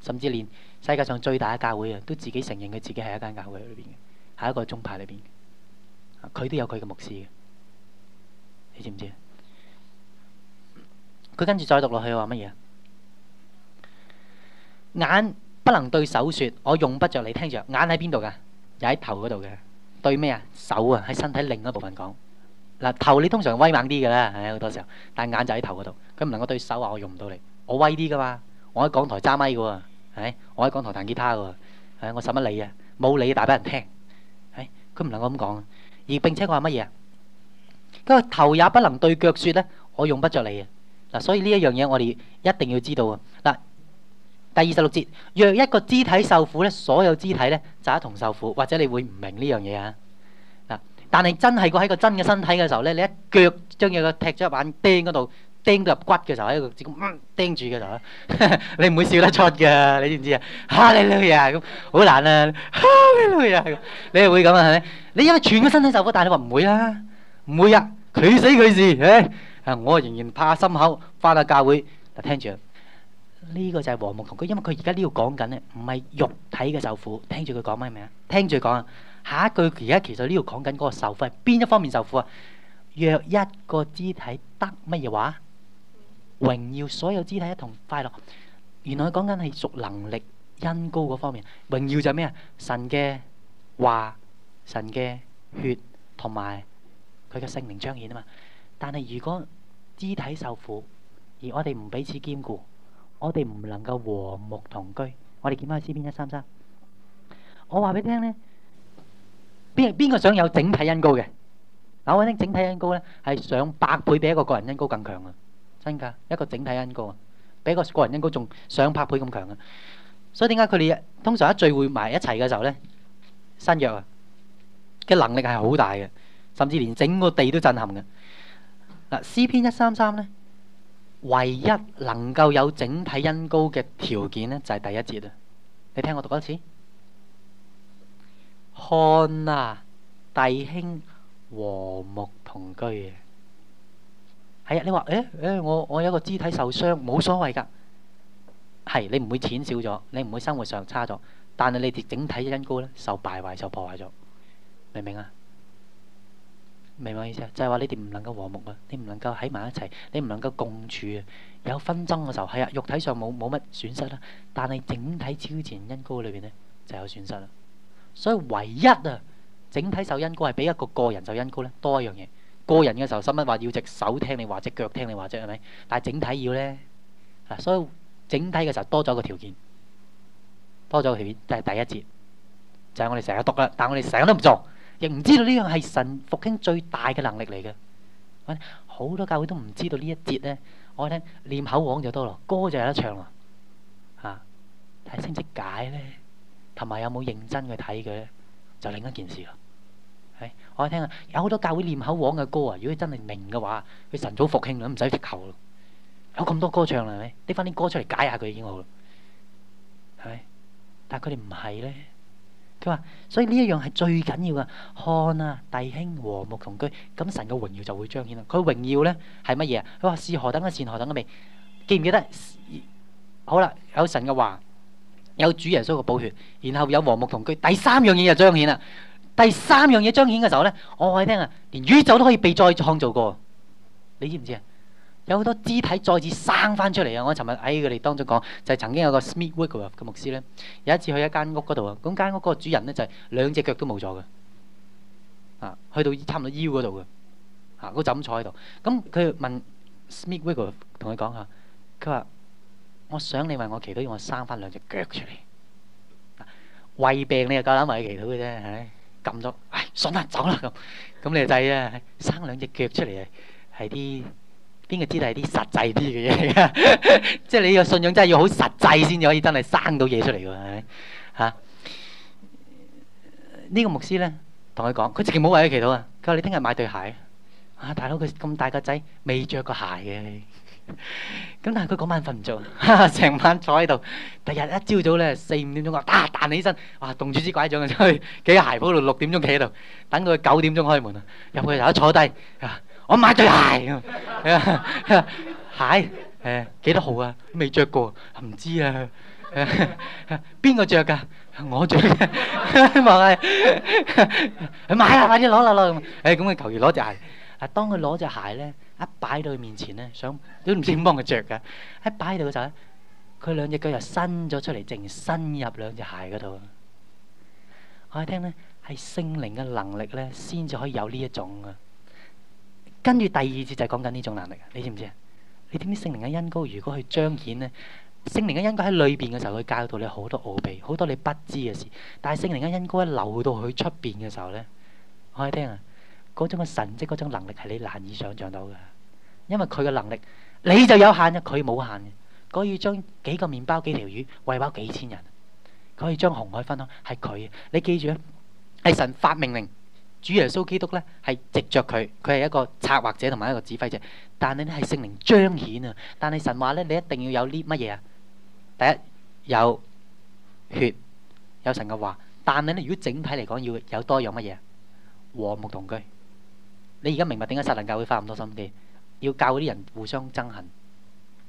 甚至連世界上最大嘅教會啊，都自己承認佢自己係一間教會裏邊嘅，係一個宗派裏邊嘅。佢都有佢嘅牧師嘅，你知唔知？佢跟住再讀落去話乜嘢？眼不能對手説，我用不着你聽著，眼喺邊度㗎？又喺頭嗰度嘅，對咩啊？手啊，喺身體另一部分講。嗱頭你通常威猛啲嘅啦，唉好多時候，但眼就喺頭嗰度，佢唔能夠對手話我用唔到你，我威啲噶嘛，我喺講台揸咪嘅喎，我喺講台彈吉他嘅喎，我使乜理啊？冇理大把人聽，唉佢唔能夠咁講，而並且我話乜嘢啊？嗰個頭也不能對腳説咧，我用不着你啊！嗱，所以呢一樣嘢我哋一定要知道啊！嗱。第二十六節，若一個肢體受苦咧，所有肢體咧就一同受苦。或者你會唔明呢樣嘢啊？嗱，但係真係過喺個真嘅身體嘅時候咧，你一腳將佢個踢咗入板釘嗰度，釘到入骨嘅時候，喺度只掹，釘住嘅時候，你唔 [laughs] 會笑得出㗎，你知唔知 [laughs] [laughs] 懶啊？嚇 [laughs] [laughs] 你兩樣咁，好難啊！嚇你兩樣咁，你係會咁啊？係咪？你因為全個身體受苦，但係你話唔會啦，唔會啊！佢、啊、死佢事，唉、哎，我仍然怕心口返到教會就聽住。呢個就係和睦同居，因為佢而家呢度講緊咧，唔係肉體嘅受苦。聽住佢講咩名？聽住講啊，下一句而家其實呢度講緊嗰個受苦係邊一方面受苦啊？若一個肢體得乜嘢話，榮耀所有肢體一同快樂。原來講緊係屬能力、恩膏嗰方面。榮耀就咩啊？神嘅話、神嘅血同埋佢嘅聖靈彰顯啊嘛。但係如果肢體受苦，而我哋唔彼此兼顧。我哋唔能夠和睦同居，我哋見翻去詩篇一三三。我話俾你聽咧，邊邊個想有整體恩膏嘅？嗱，我話俾你聽，整體恩膏咧係上百倍比一個個人恩膏更強啊！真㗎，一個整體恩膏啊，比個個人恩膏仲上百倍咁強啊！所以點解佢哋通常一聚會埋一齊嘅時候咧，新約啊嘅能力係好大嘅，甚至連整個地都震撼嘅。嗱，詩篇一三三咧。唯一能夠有整體恩膏嘅條件咧，就係第一節啊！你聽我讀多次，看啊，弟兄和睦同居啊！係啊，你話誒誒，我我有一個肢體受傷，冇所謂㗎。係你唔會錢少咗，你唔會生活上差咗，但係你整體嘅恩膏咧受敗壞、受破壞咗，明唔明啊？明白我意思啊，就係話你哋唔能夠和睦啊，你唔能夠喺埋一齊，你唔能夠共處啊。有紛爭嘅時候，係啊，肉體上冇冇乜損失啦，但係整體超前恩膏裏邊咧就有損失啦。所以唯一啊，整體受恩膏係比一個個人受恩膏咧多一樣嘢。個人嘅時候，使乜話要隻手聽你話，隻腳聽你話啫，係咪？但係整體要咧，嗱，所以整體嘅時候多咗一個條件，多咗個條件，即係第一節，就係我哋成日讀啦，但係我哋成日都唔做。亦唔知道呢樣係神復興最大嘅能力嚟嘅，好多教會都唔知道呢一節呢我，我聽念口簧就多咯，歌就有得唱喎，但係識唔識解呢，同埋有冇認真去睇佢呢，就另一件事啦。係我聽啊，有好多教會念口簧嘅歌啊，如果真係明嘅話，佢神早復興啦，唔使直頭咯。有咁多歌唱啦，咪拎翻啲歌出嚟解，解下佢已經好啦，係咪？但佢哋唔係呢。佢話：所以呢一樣係最緊要嘅，看啊，弟兄和睦同居，咁神嘅榮耀就會彰顯啦。佢榮耀咧係乜嘢啊？佢話是何等嘅善，何等嘅美，記唔記得？好啦，有神嘅話，有主耶穌嘅寶血，然後有和睦同居，第三樣嘢就彰顯啦。第三樣嘢彰顯嘅時候咧，我話你聽啊，連宇宙都可以被再創造過，你知唔知啊？有好多肢體再次生翻出嚟啊！我尋日喺佢哋當中講，就係曾經有個 Smithwick 嘅牧師咧，有一次去一間屋嗰度啊，咁間屋個主人咧就係兩隻腳都冇咗嘅，啊，去到差唔多腰嗰度嘅，嚇，佢就咁坐喺度。咁佢問 Smithwick 同佢講嚇，佢話：我想你為我祈禱，要我生翻兩隻腳出嚟。胃病你又夠膽為祈禱嘅啫，係咪？撳咗，唉，順啦，走啦咁。咁你仔啊，生兩隻腳出嚟係啲～邊個知道係啲實際啲嘅嘢啊？即係你個信仰真係要好實際先至可以真係生到嘢出嚟喎，係咪嚇？呢個牧師咧，同佢講，佢直情冇為佢祈禱啊！佢話：你聽日買對鞋啊！大佬佢咁大個仔，未著過鞋嘅。咁但係佢嗰晚瞓唔著，成晚坐喺度。第二日一朝早咧，四五點鐘，啊，彈起身，哇！棟住支拐杖就出去，企喺鞋鋪度六點鐘企喺度，等佢九點鐘開門啊！入去就一坐低。我買對鞋，鞋誒幾多號啊？未著過，唔知啊。邊個著噶？我著嘅，話係，買啊！快啲攞嚟攞嚟。誒咁佢求其攞隻鞋，當佢攞隻鞋咧，一擺到佢面前咧，想都唔知點幫佢著噶。一擺到嘅時候咧，佢兩隻腳就伸咗出嚟，淨伸入兩隻鞋嗰度。我一聽咧係聖靈嘅能力咧，先至可以有呢一種啊！跟住第二節就係講緊呢種能力，你知唔知啊？你點知聖靈嘅恩膏如果去彰顯呢，聖靈嘅恩膏喺裏邊嘅時候，佢教導你好多奧秘，好多你不知嘅事。但係聖靈嘅恩膏一流到佢出邊嘅時候呢，我聽啊，嗰種嘅神跡，嗰種能力係你難以想像到嘅。因為佢嘅能力你就有限嘅，佢冇限嘅。可以將幾個麵包、幾條魚餵飽幾千人，可以將紅海分開，係佢。你記住啊，係神發命令。主耶穌基督咧係直著佢，佢係一個策劃者同埋一個指揮者，但你咧係聖靈彰顯啊！但係神話咧，你一定要有啲乜嘢啊？第一有血，有神嘅話。但係咧，如果整體嚟講，要有多樣乜嘢？和睦同居。你而家明白點解撒但教會花咁多心機，要教嗰啲人互相憎恨？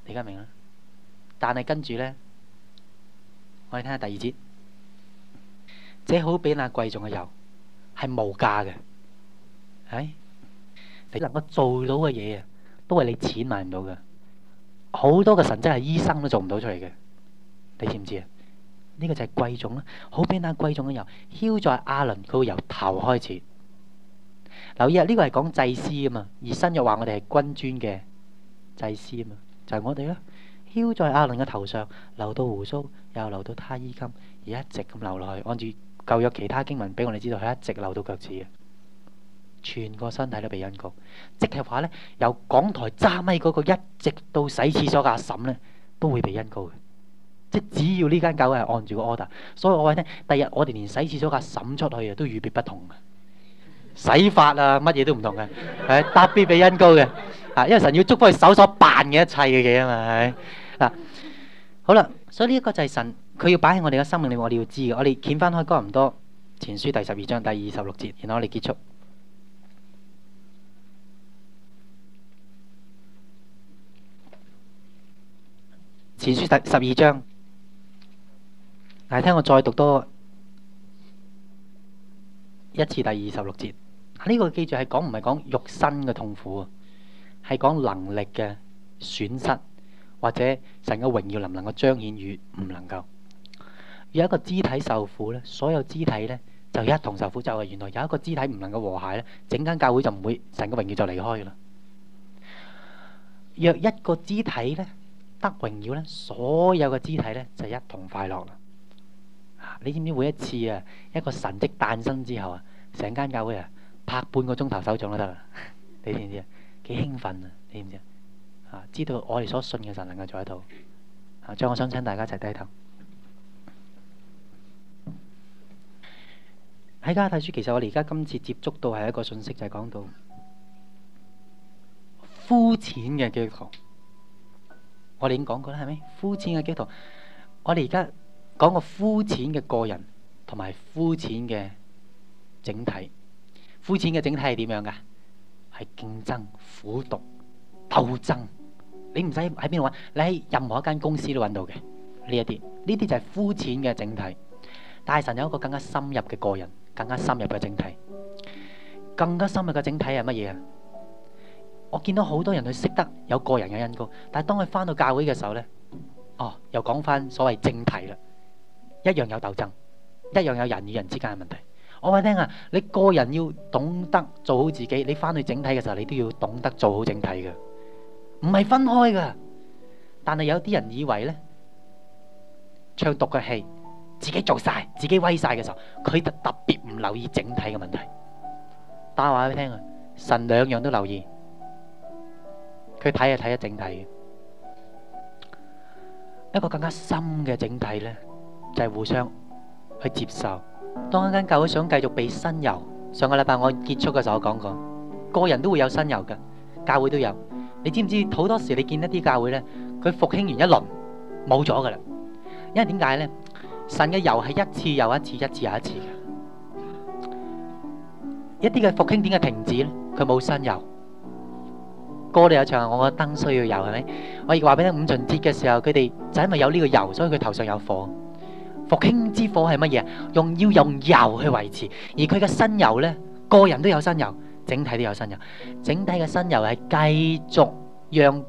你而家明啦。但係跟住咧，我哋睇下第二節，這好比那貴重嘅油。係無價嘅，係、哎、你能夠做到嘅嘢啊，都係你錢買唔到嘅。好多嘅神跡係醫生都做唔到出嚟嘅，你知唔知啊？呢、這個就係貴重啦，好比那貴重嘅油，澆在亞倫佢會由頭開始。留意啊，呢個係講祭司啊嘛，而神又話我哋係君尊嘅祭司啊嘛，就係、是、我哋啦。澆在亞倫嘅頭上，流到鬍鬚，又流到他衣襟，而一直咁流落去，按住。舊約其他經文俾我哋知道，佢一直流到腳趾嘅，全個身體都俾恩膏。即係話咧，由港台揸咪嗰個，一直到洗廁所嘅阿嬸咧，都會俾恩膏嘅。即係只要呢間教會係按住個 order，所以我話咧，第日我哋連洗廁所嘅阿嬸出去啊，都與別不同嘅，洗法啊，乜嘢都唔同嘅，係特別俾恩膏嘅。啊，因為神要捉翻佢手所辦嘅一切嘅嘢啊嘛，係嗱，好啦，所以呢一個就係神。佢要擺喺我哋嘅生命裏，我哋要知嘅。我哋掀翻開《哥林多前書》第十二章第二十六節，然後我哋結束前書第十二章。大家聽我再讀多一次第二十六節啊！呢個記住係講，唔係講肉身嘅痛苦啊，係講能力嘅損失或者神嘅榮耀能唔能夠彰顯與唔能夠。有一個肢體受苦咧，所有肢體咧就一同受苦。就係原來有一個肢體唔能夠和諧咧，整間教會就唔會成個榮耀就離開噶啦。若一個肢體咧得榮耀咧，所有嘅肢體咧就一同快樂啦。你知唔知每一次啊，一個神蹟誕生之後啊，成間教會啊拍半個鐘頭手掌都得啦。 [laughs] 你知唔知啊？幾興奮啊？你知唔知啊？知道我哋所信嘅神能夠做得到，啊，咁我想請大家一齊低頭。喺《家泰書》，其實我哋而家今次接觸到係一個信息，就係講到膚淺嘅教堂。我哋已經講過啦，係咪膚淺嘅教堂？我哋而家講個膚淺嘅個人同埋膚淺嘅整體。膚淺嘅整體係點樣噶？係競爭、苦毒、鬥爭。你唔使喺邊度揾，你喺任何一間公司都揾到嘅呢一啲。呢啲就係膚淺嘅整體。大神有一個更加深入嘅個人。更加深入嘅整體，更加深入嘅整體係乜嘢啊？我見到好多人去識得有個人嘅恩膏，但係當佢翻到教會嘅時候咧，哦，又講翻所謂整體啦，一樣有鬥爭，一樣有人與人之間嘅問題。我話聽啊，你個人要懂得做好自己，你翻去整體嘅時候，你都要懂得做好整體嘅，唔係分開嘅。但係有啲人以為咧，唱獨嘅戲。自己做曬，自己威曬嘅時候，佢特特別唔留意整體嘅問題。打話俾你聽啊，神兩樣都留意，佢睇下睇下整體嘅一個更加深嘅整體咧，就係互相去接受。當一間教會想繼續被新油，上個禮拜我結束嘅時候講過，個人都會有新油嘅教會都有。你知唔知好多時你見一啲教會咧，佢復興完一輪冇咗噶啦，因為點解咧？神嘅油係一次又一次、一次又一次嘅，一啲嘅復興點嘅停止，佢冇新油。歌你又唱我嘅燈需要油，係咪？我亦話俾你，五旬節嘅時候佢哋就因為有呢個油，所以佢頭上有火。復興之火係乜嘢啊？用要用油去維持，而佢嘅新油咧，個人都有新油，整體都有新油。整體嘅新油係繼續讓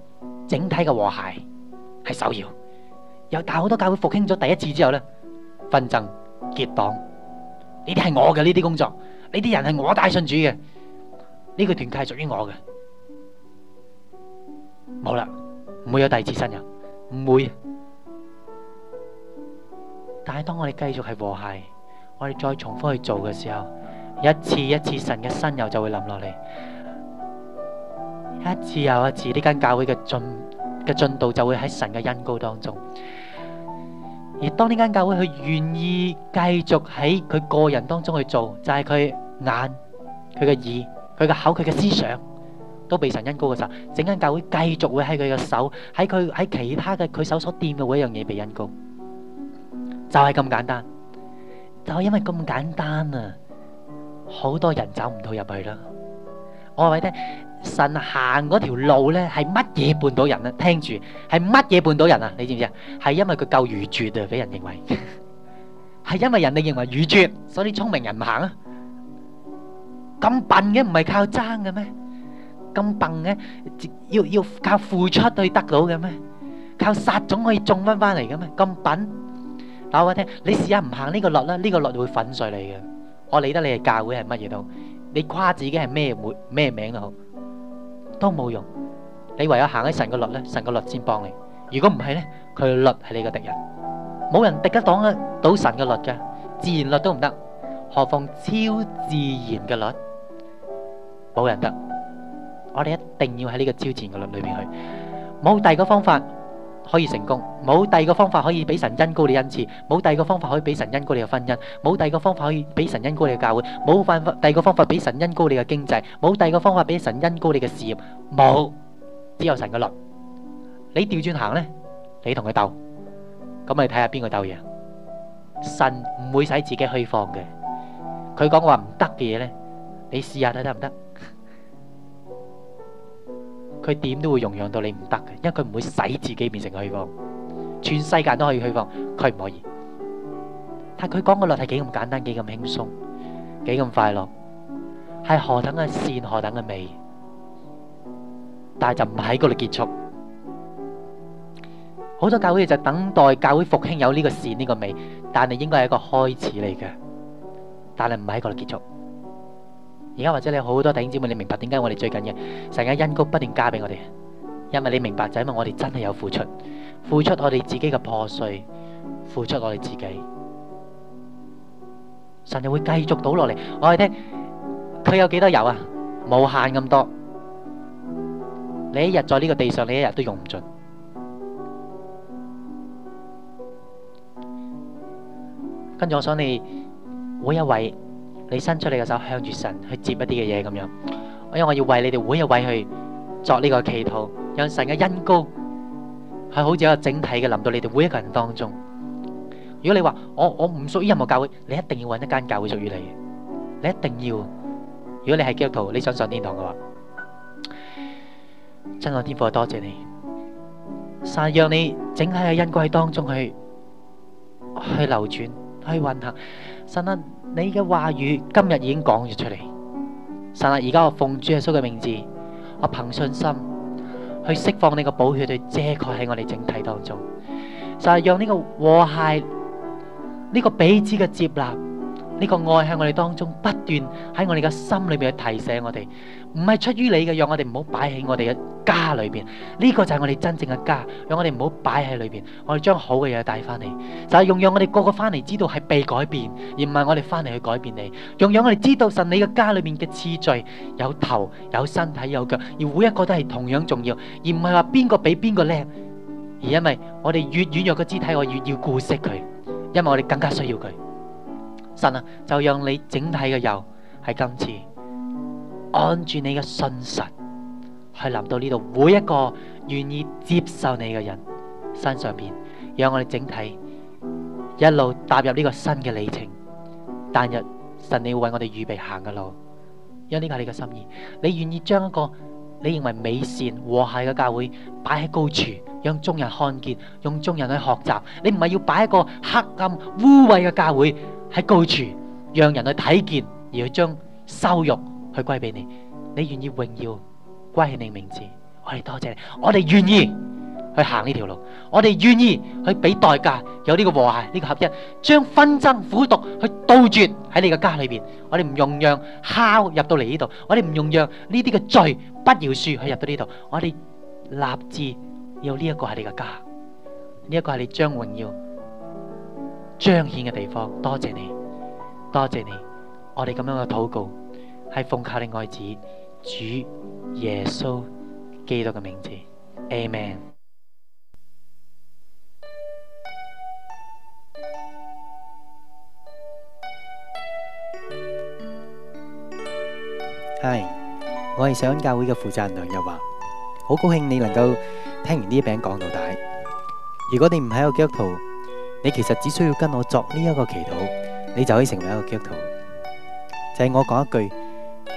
整體嘅和諧係首要。有但係好多教會復興咗第一次之後咧。紛爭結黨，呢啲係我嘅呢啲工作，呢啲人係我帶信主嘅，呢個團契係屬於我嘅。冇啦，唔會有第二次新油，唔會。但係當我哋繼續係和諧，我哋再重複去做嘅時候，一次一次神嘅新油就會臨落嚟，一次又一次呢間教會嘅進嘅進度就會喺神嘅恩膏當中。而當呢間教會佢願意繼續喺佢個人當中去做，就係、是、佢眼、佢嘅耳、佢嘅口、佢嘅思想都被神恩膏嘅時候，整間教會繼續會喺佢嘅手，喺佢喺其他嘅佢手所掂嘅每一樣嘢備恩膏，就係、是、咁簡單，就係因為咁簡單啊，好多人走唔到入去啦。我話畀你聽。神行嗰條路咧，係乜嘢絆到人咧？聽住，係乜嘢絆到人啊？你知唔知啊？係因為佢夠愚拙啊，俾人認為係因為人哋認為愚拙，所以聰明人唔行啊。咁笨嘅唔係靠爭嘅咩？咁笨嘅要要靠付出去得到嘅咩？靠殺種可以種翻翻嚟嘅咩？咁笨，嗱我聽你試下唔行呢個律啦，呢個律會粉碎你嘅。我理得你係教會係乜嘢都好，你誇自己係咩會咩名都好。都冇用，你唯有行喺神嘅律咧，神嘅律先幫你。如果唔係咧，佢嘅律係你個敵人，冇人敵得擋得到神嘅律嘅，自然律都唔得，何況超自然嘅律，冇人得。我哋一定要喺呢個超自然嘅律裏邊去，冇第二個方法。可以成功，冇第二個方法可以俾神恩膏你恩賜，冇第二個方法可以俾神恩膏你嘅婚姻，冇第二個方法可以俾神恩膏你嘅教會，冇辦法第二個方法俾神恩膏你嘅經濟，冇第二個方法俾神恩膏你嘅事業，冇，只有神嘅律。你調轉行咧，你同佢鬥，咁你睇下邊個鬥贏。神唔會使自己虛放嘅，佢講話唔得嘅嘢咧，你試下睇得唔得。佢點都會容讓到你唔得嘅，因為佢唔會使自己變成虛妄。全世界都可以虛妄，佢唔可以。但係佢講嘅落係幾咁簡單、幾咁輕鬆、幾咁快樂，係何等嘅善、何等嘅美。但係就唔喺嗰度結束。好多教會就等待教會復興有呢個善、呢個美，但係應該係一個開始嚟嘅，但係唔喺嗰度結束。而家或者你有好多弟兄姊妹，你明白點解我哋最近嘅整體嘅恩膏不斷加俾我哋？因為你明白就係因為我哋真係有付出，付出我哋自己嘅破碎，付出我哋自己，神就會繼續倒落嚟。我哋聽佢有幾多油啊？無限咁多，你一日在呢個地上，你一日都用唔盡。跟住我想你，每一位。你伸出你嘅手向住神去接一啲嘅嘢咁樣，因為我要為你哋每一位去作呢個祈禱，讓神嘅恩膏係好似一個整體嘅臨到你哋每一個人當中。如果你話我，我唔屬於任何教會，你一定要揾一間教會屬於你嘅，你一定要。如果你係基督徒，你想上天堂嘅話，親愛天父多謝你，神讓你整體喺恩膏當中去去流轉、去運行，神恩。你嘅話語今日已經講咗出嚟，神啊！而家我奉主耶穌嘅名字，我憑信心去釋放你個寶血去遮蓋喺我哋整體當中，就係、啊、讓呢個和諧，呢、呢個彼此嘅接納，呢、呢個愛喺我哋當中不斷喺我哋嘅心裏面去提醒我哋。唔係出於你嘅，讓我哋唔好擺喺我哋嘅家裏邊。呢個就係我哋真正嘅家，讓我哋唔好擺喺裏邊。我哋將好嘅嘢帶翻嚟，就係用「讓」我哋個個翻嚟知道係被改變，而唔係我哋翻嚟去改變你。用「讓」我哋知道神你嘅家裏面嘅次序，有頭，有身體，有腳，而每一個都係同樣重要，而唔係話邊個比邊個叻。而因為我哋越軟弱嘅肢體，我越要顧惜佢，因為我哋更加需要佢。神啊，就讓你整體嘅油係今次，按住你嘅信實，去臨到呢度，每一個願意接受你嘅人身上邊，讓我哋整體一路踏入呢個新嘅里程。但日神，你會為我哋預備行嘅路，因為呢個係你嘅心意。你願意將一個你認為美善和諧嘅教會擺喺高處，讓眾人看見，讓眾人去學習。你唔係要擺一個黑暗污穢嘅教會喺高處，讓人去睇見，而去將羞辱去歸俾你，你願意榮耀歸你名字，我哋多謝你，我哋願意去行呢條路，我哋願意去俾代價，有呢個和諧呢個合一，將紛爭苦毒去杜絕喺你嘅家裏邊。我哋唔用讓敲入到嚟呢度，我哋唔用讓呢啲嘅罪不饒恕去入到呢度，我哋立志要呢一個係你嘅家，呢一個係你將榮耀彰顯嘅地方。多謝你，多謝你，我哋咁樣嘅禱告。係奉靠你愛子主耶穌基督嘅名字，Amen。係，我係上教會嘅負責人梁日華，好高興你能夠聽完呢一篇講道。如果你唔係個基督徒，你其實只需要跟我作呢一個祈禱，你就可以成為一個基督徒。就係我講一句，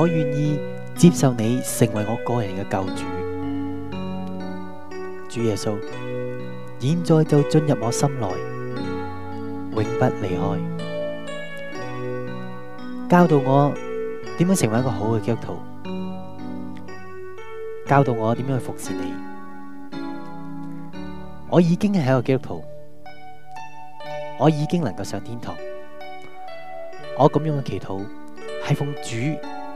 我願意接受你成為我個人嘅救主，主耶穌，現在就進入我心內，永不離開，教導我點樣成為一個好嘅基督徒，教導我點樣去服侍你。我已經係一個基督徒，我已經能夠上天堂，我咁樣嘅祈禱係奉主